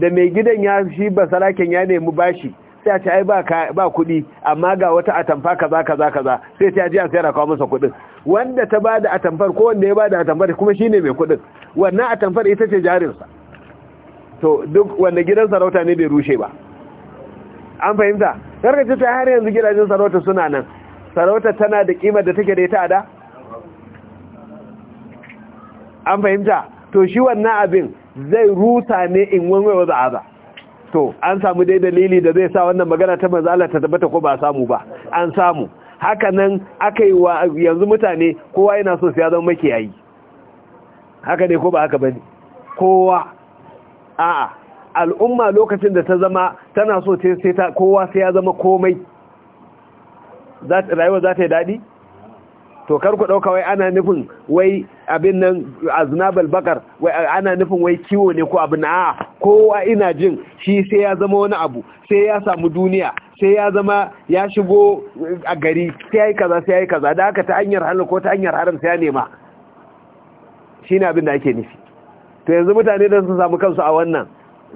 da mai gidan ya shi ba sarakin ya nemi bashi sai a ce ai ba kuɗi amma ga wata a atamfa kaza kaza kaza sai ta ji a sayar a kawo masa kuɗin wanda ta ba da atamfar ko wanda ya da atamfar kuma shi ne mai kudin wannan atamfar ita ce jarinsa to duk wanda gidan sarauta ne bai rushe ba an fahimta karka ce ta har yanzu gidajen sarauta suna nan sarauta tana da kimar da take da ita a da an fahimta to shi wannan abin zai rusa ne in wani waza aza to an samu dai dalili da zai sa wannan magana ta mazala ta tabbata ko ba samu ba an samu haka nan aka yi wa yanzu mutane kowa yana so su ya zama makiyayi haka ne ko ba haka bane kowa a'a al'umma lokacin da ta zama tana so sai ta kowa sai ya zama komai rayuwa za ta yi daɗi to kar ku ɗauka wai ana nufin wai abin nan aznabal bakar wai ana nufin wai kiwo ne ko abin a kowa ina jin shi sai ya zama wani abu sai ya samu duniya sai ya zama ya shigo a gari sai ya yi kaza sai ya yi kaza da aka ta hanyar hannu ko ta hanyar haram sai ya nema shi ne abin da ake nufi to yanzu mutane da sun samu kansu a wannan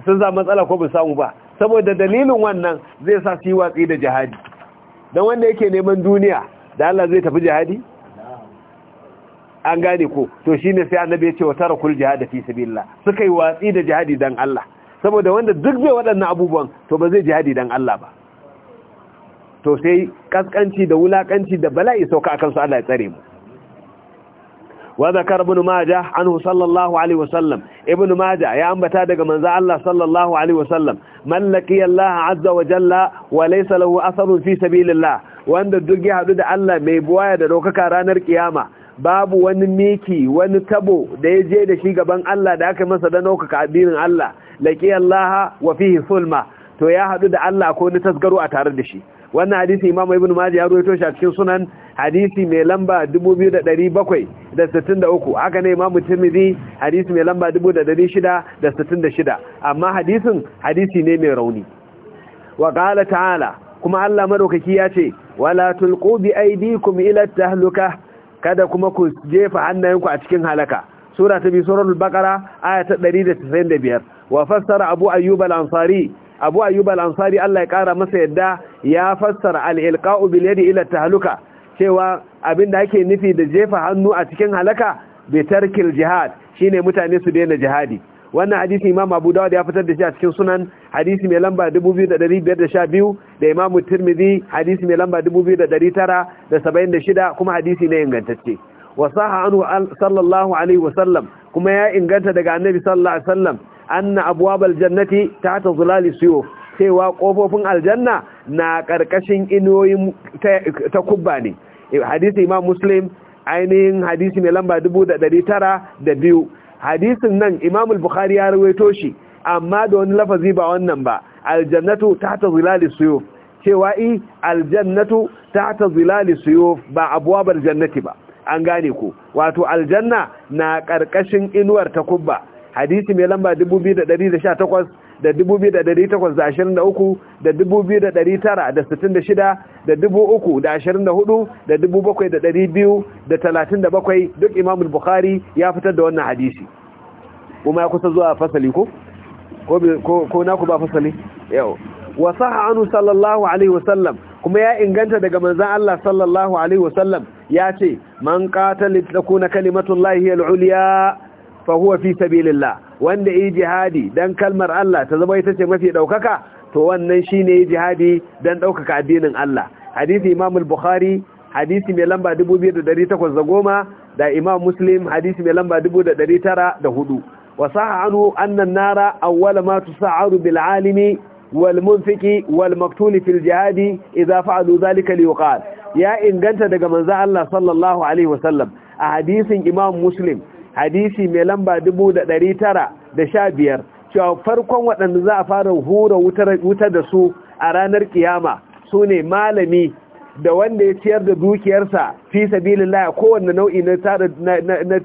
sun samu matsala ko ba samu ba saboda dalilin wannan zai sa su yi watsi da jihadi don wanda yake neman duniya da Allah zai tafi jihadi an gane ko to shine sai annabi ya ce wa kul jihad fi sabilillah suka yi watsi da jihadi dan Allah saboda wanda duk bai waɗannan abubuwan to ba zai jihadi dan Allah ba to sai kaskanci da wulakanci da bala'i sauka akan su Allah ya tsare mu wa zakar ibn majah anhu sallallahu alaihi wasallam ibn majah ya ambata daga manzo Allah sallallahu alaihi wasallam man laqiya Allah azza wa jalla wa laysa lahu atharun fi sabilillah wanda duk ya hadu da Allah mai buwaya da dokaka ranar kiyama babu wani miki wani tabo da ya je da shi gaban Allah da aka masa da naukaka addinin Allah laqiya Allah wa fihi sulma to ya hadu da Allah ko ni tasgaro a tare da shi wannan hadisi imam ibn majah ya ruwaito shi a cikin sunan hadisi mai lamba 2763 haka ne imam tirmidhi hadisi mai lamba 6666 amma hadisin hadisi ne mai rauni wa qala ta'ala kuma Allah madaukaki ya ce wala tulqu bi aydikum ila tahluka kada kuma ku jefa hannayenku a cikin halaka sura ta bi suratul baqara aya ta 195 wa fassara abu ayyub al-ansari abu ayyubal ansari Allah ya kara masa yadda ya fassara al-ilqa'u bil yadi ila tahluka cewa abinda ake nufi da jefa hannu a cikin halaka bi tarkil jihad shine mutane su daina jihadi wannan hadisi imam abu dawud ya fitar da shi a cikin sunan hadisi mai lamba 2512 da imam tirmidhi hadisi mai lamba 2976 kuma hadisi ne ingantacce wa saha anhu sallallahu alaihi wasallam kuma ya inganta daga annabi sallallahu alaihi wasallam anna abwabal jannati ta zulali suyuf cewa kofofin aljanna na karkashin inoyin ta kubba ne hadisi imam muslim ainihin hadisi mai lamba biyu. hadisin nan imam al-bukhari ya rawaito shi amma da wani lafazi ba wannan ba aljannatu ta zulali suyuf cewa i aljannatu ta zulali suyuf ba abwabar jannati ba an gane ku wato aljanna na karkashin inuwar ta kubba. hadisi mai lamba 2118 da 2823 da takwas da 3024 da 7237 duk imamul bukhari ya fitar da wannan hadisi kuma ya kusa zuwa fasali ko ko ku ba fasali yau wasa hannu sallallahu alaihi wasallam kuma ya inganta daga manzan Allah sallallahu alaihi wasallam ya ce man da kuna kalimatun lahiyar uliya fa huwa fi sabilillah wanda yi jihadi dan kalmar Allah ta zama ita ce mafi ɗaukaka, to wannan shine yi jihadi dan ɗaukaka addinin Allah hadisi Imam al-Bukhari hadisi mai lamba 2810 da Imam Muslim hadisi mai lamba 1904 wa sahha anhu annan nara awwal ma tusa'aru bil alimi والمنفق والمقتول في الجهاد إذا فعلوا ذلك ليقال يا Ya inganta daga manzo Allah Sallallahu Alaihi Wasallam. A hadisin Imam Muslim. hadisi mai lamba dubu da ɗari tara da sha biyar cewa farkon waɗanda za a fara hura wuta da su a ranar kiyama su ne malami da wanda ya ciyar da dukiyarsa fi sabilillah kowanne nau'i na tara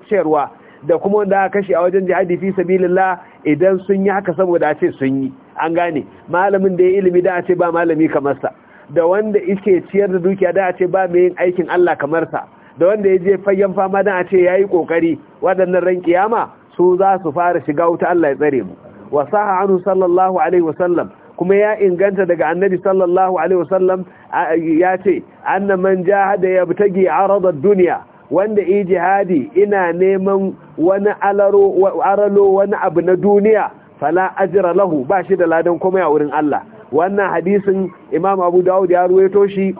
ciyarwa da kuma wanda aka kashe a wajen jihadi fi sabilillah idan sun yi haka saboda a ce sun yi an gane malamin da ya ilimi da ce ba malami kamar sa da wanda iske ciyar da dukiya da ce ba mai yin aikin Allah kamar sa da wanda ya je fayyan fama don a ce ya yi kokari waɗannan ran kiyama su za su fara shiga wuta Allah ya tsare mu wa saha anhu sallallahu alaihi wasallam kuma ya inganta daga annabi sallallahu alaihi wasallam ya ce anna man jahada yabtagi arada duniya, wanda yi jihadi ina neman wani alaro aralo wani abu na duniya fala ajira lahu ba shi da ladan komai a wurin Allah wannan hadisin imam abu dawud ya ruwaito shi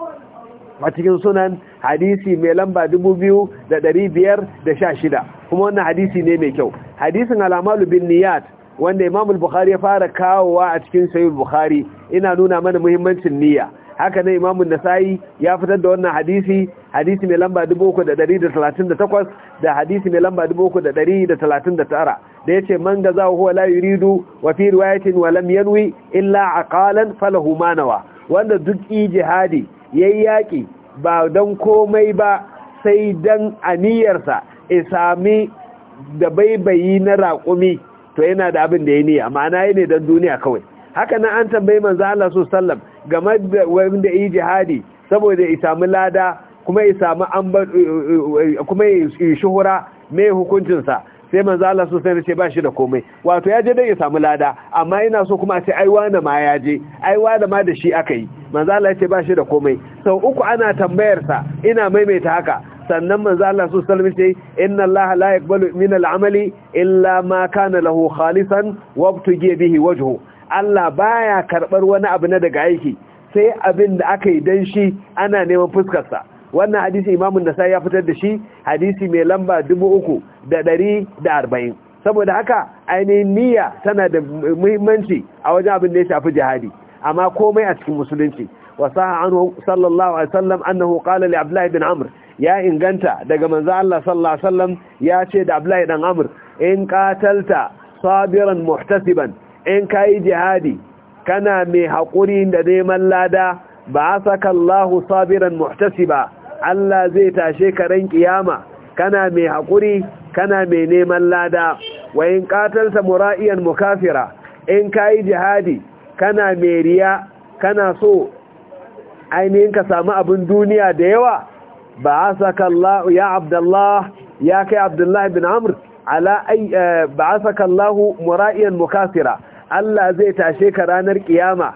a cikin sunan hadisi mai lamba 2516 kuma wannan hadisi ne mai kyau hadisin alamalu bin niyat wanda imam al-bukhari ya fara kawowa a cikin sahih bukhari ina nuna mana muhimmancin niyya haka ne imam Nasayi ya fitar da wannan hadisi hadisi mai lamba uku da hadisi mai lamba uku da ce man gaza huwa la yuridu wa fi riwayatin wa lam yanwi illa aqalan falahu manawa wanda duk jihadi yayi yaƙi, ba don komai ba sai dan aniyarsa ya sami da baibayi na raƙumi to yana da abin da ya niya ma'ana ne don duniya kawai haka na an tambayi manzo Allah sallam, game da wanda yi jihadi saboda ya sami lada kuma ya sami eh, eh, eh, shuhura mai hukuncinsa sai manzo Allah so sai ce ba shi da komai wato ya je dan ya samu lada amma ina so kuma a ce ai wani ma ya je Aiwa wani ma da shi aka yi manzo Allah ya ce ba shi da komai sau uku ana tambayar sa ina maimaita haka sannan manzo Allah su salmi ce inna Allah la yaqbalu min al-amali illa ma kana lahu khalisan wabtuji bihi wajhu Allah baya karbar wani abu na daga aiki sai abin da aka yi dan shi ana neman fuskar sa wannan hadisi imamun nasa ya fitar da shi hadisi mai lamba dubu uku da ɗari da arba'in saboda haka ainihin niyya tana da muhimmanci a wajen abin da ya shafi jihadi amma komai a cikin musulunci wasaha anhu sallallahu alaihi wasallam annahu qala li abdullahi bin amr ya inganta daga manzo Allah sallallahu alaihi wasallam ya ce da abdullahi dan amr in qatalta sabiran muhtasiban in kai jihadi kana mai haƙuri da neman lada ba saka sabiran muhtasiba Allah zai tashe ka ran kiyama kana mai haƙuri kana mai neman lada wa in qatalta mura'iyan mukafira in yi jihadi kana mai riya kana so ainihin ka samu abin duniya da yawa ba ya Abdullah ya kai Abdullah bin Amr eh, ba Allah mura'iyan mukafira Allah zai tashe ka ranar kiyama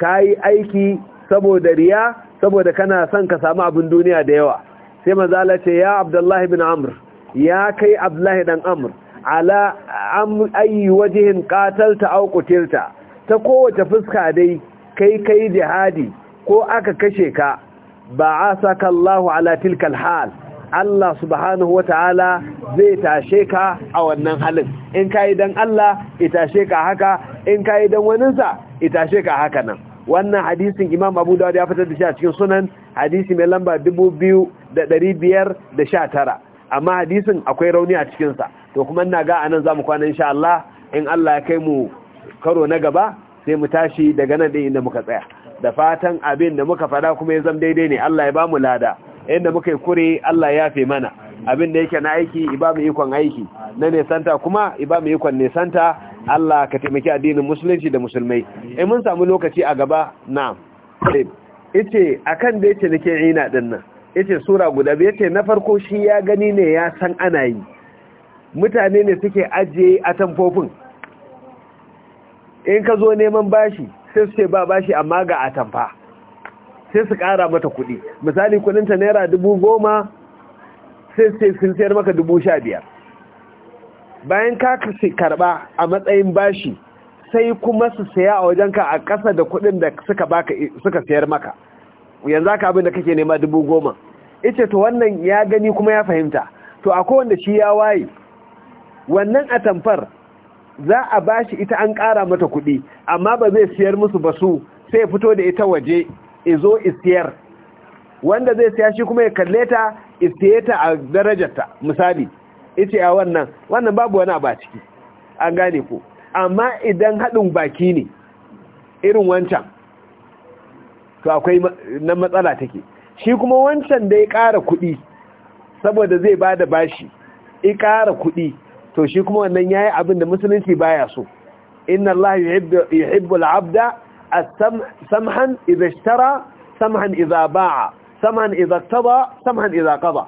yi aiki saboda riya saboda kana son ka samu abin duniya da yawa sai mazala ce ya abdullahi bin amr ya kai abdullahi dan amr ala ayi wajihin katalta ta kutilta ta kowace fuska dai kai kai jihadi ko aka kashe ka ba a sa Allahu ala tilka hal Allah subhanahu ta'ala zai tashe ka a wannan halin in yi dan Allah itashe ka haka in yi dan waninsa itashe ka haka nan wannan hadisin imam abu dawud ya fitar da shi a cikin sunan hadisi mai lamba dubu biyu da da biyar sha tara. amma hadisin akwai rauni a cikinsa to kuma ina ga anan za mu kwana insha Allah in Allah ya kai mu karo na gaba sai mu tashi daga nan din inda muka tsaya da fatan abin da muka fada kuma ya zama daidai ne Allah ya ba mu lada inda muka yi kure Allah ya fi mana abin da yake na aiki iba mu ikon aiki na nesanta kuma iba mu ikon nesanta Allah ka taimaki addinin musulunci da musulmai eh mun samu lokaci a gaba na yace akan da yace nake ina din nan yace sura guda bai yace na farko shi ya gani ne ya san ana yi mutane ne suke ajiye a tamfofin in ka zo neman bashi sai su ce ba bashi amma ga atamfa sai su kara mata kuɗi misali kuɗinta naira dubu goma sai sai sun sayar maka dubu sha biyar bayan ka karba a matsayin bashi sai kuma su saya a wajenka a ƙasa da kuɗin da suka baka suka sayar maka yanzu aka abin da kake nema dubu goma ita to wannan ya gani kuma ya fahimta to akwai wanda shi ya waye wannan atamfar za a bashi ita an ƙara mata kuɗi amma ba zai sayar musu ba su sai fito da ita waje izo isiyar wanda zai siya shi kuma ya kalle ta istiyata a darajarta misali ita a wannan wannan babu wani ba ciki an gane ku. amma idan haɗin baki ne irin wancan to akwai na matsala take shi kuma wancan da ya ƙara kuɗi saboda zai ba da bashi ya ƙara kuɗi to shi kuma wannan ya yi abin da musulunci baya so inna Allah yuhibbu a samhan idza ishtara samhan Izabaa. ba'a saman izaktaba saman izaqaba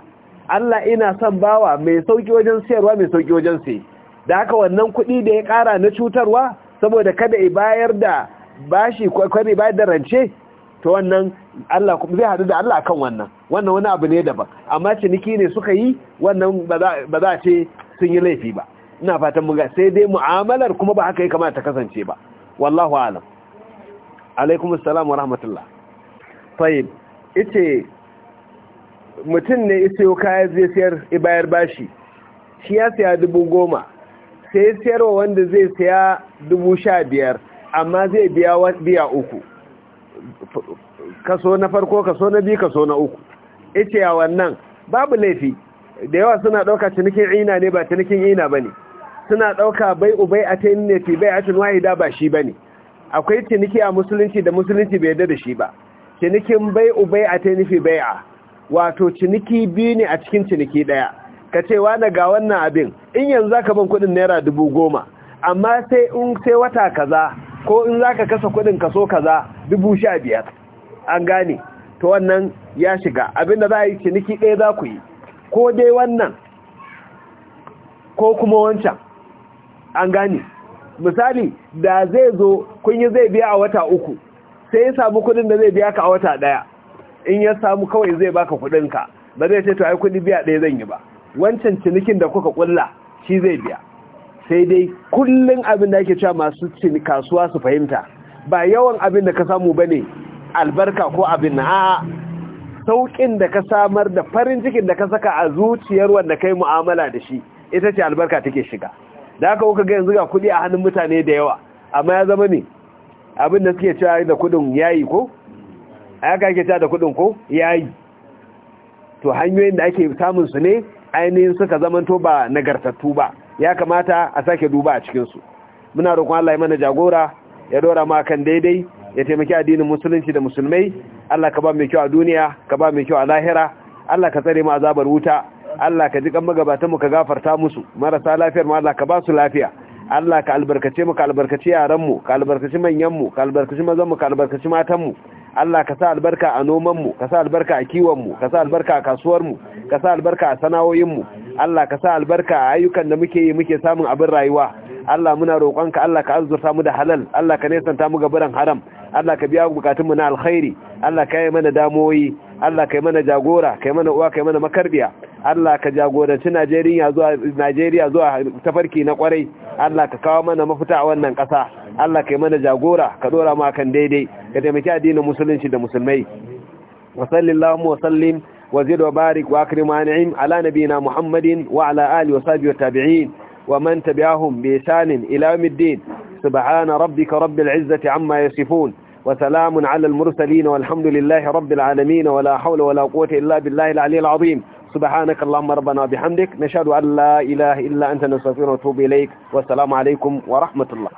Allah ina son bawa mai sauki wajen siyarwa mai sauki wajen sayi da haka wannan kuɗi da ya ƙara na cutarwa saboda kada i bayar da bashi kada i bayar da rance to wannan Allah zai hadu da Allah kan wannan wannan wani abu ne daban amma ciniki ne suka yi wannan ba za a ce sun yi laifi ba ina fatan muga sai dai mu'amalar kuma ba haka ya kamata kasance ba wallahu alam alaikum assalam wa rahmatullah tayyib ice mutum ne isiyo kayan zai siyar ibayar bashi shi ya siya dubu goma sai siyarwa wanda zai siya dubu sha biyar amma zai biya uku kaso na farko kaso na biyu kaso na uku ita ya wannan babu laifi da yawa suna ɗauka cinikin ina ne ba cinikin ina ba ne suna ɗauka bai ubai a ta ne fi bai a cin wahida ba shi ba ne akwai ciniki a musulunci da musulunci bai yadda da shi ba cinikin bai ubai a ta nufi bai'a wato ciniki biyu ne a cikin ciniki ɗaya ka ce wani ga wannan abin in yanzu za ka ban kuɗin naira dubu goma amma sai in sai wata kaza ko in za ka kasa kuɗin kaso kaza dubu sha biyar an gane to wannan ya shiga abin da za a yi ciniki ɗaya za ku yi ko dai wannan ko kuma wancan an gane misali da zai zo kun yi zai biya a wata uku sai ya samu kudin da zai biya ka a wata daya in ya samu kawai zai baka kudin ka ba zai ce to ai kudi biya daya zan yi ba wancan cinikin da kuka kulla shi zai biya sai dai kullun abin da ake cewa masu cin kasuwa su fahimta ba yawan abin da ka samu bane albarka ko abin a saukin da ka samar da farin cikin da ka saka a zuciyar wanda kai mu'amala da shi ita ce albarka take shiga da haka kuka ga yanzu ga kudi a hannun mutane da yawa amma ya zama ne Abin da suke cewa da kudin yayi ko aka ake cewa da kudin ko yayi to hanyoyin da ake samun su ne ainihin suka zamanto ba nagartattu ba ya kamata a sake duba a cikin su muna roƙon Allah ya mana jagora ya dora ma kan daidai ya taimaki addinin musulunci da musulmai Allah ka ba mai kyau a duniya ka ba mai kyau a lahira Allah ka tsare mu azabar wuta Allah ka ji kan magabata mu ka gafarta musu marasa lafiyar mu Allah ka ba su lafiya Allah ka albarkace mu ka albarkace yaran mu ka albarkace manyan mu ka albarkace mazan mu ka albarkace matan mu Allah ka sa albarka a noman mu ka sa albarka a kiwon mu ka sa albarka a kasuwar mu ka sa albarka a sana'o'inmu mu Allah ka sa albarka a ayyukan da muke yi muke samun abin rayuwa Allah muna roƙonka Allah ka azurta mu da halal Allah ka nesanta mu gabaran haram Allah ka biya bukatun mu na alkhairi Allah ka yi mana damoyi Allah ka yi mana jagora ka yi mana uwa ka yi mana makarbiya Allah ka jagoranci Najeriya zuwa Najeriya zuwa tafarki na kwarai Allah ka kawo mana mafita a wannan ƙasa Allah ka yi mana jagora ka dora mu akan daidai ka taimaki addinin musulunci da musulmai wa sallallahu wa sallim wa zid wa barik wa akrim wa an'im ala nabiyyina Muhammadin wa ala alihi wa sahbihi wa tabi'in wa man tabi'ahum bi ihsan ila yawmiddin subhana rabbika rabbil izzati amma yasifun وسلام على المرسلين والحمد لله رب العالمين ولا حول ولا قوة إلا بالله العلي العظيم سبحانك اللهم ربنا بحمدك نشهد أن لا إله إلا أنت نستغفرك ونتوب إليك والسلام عليكم ورحمة الله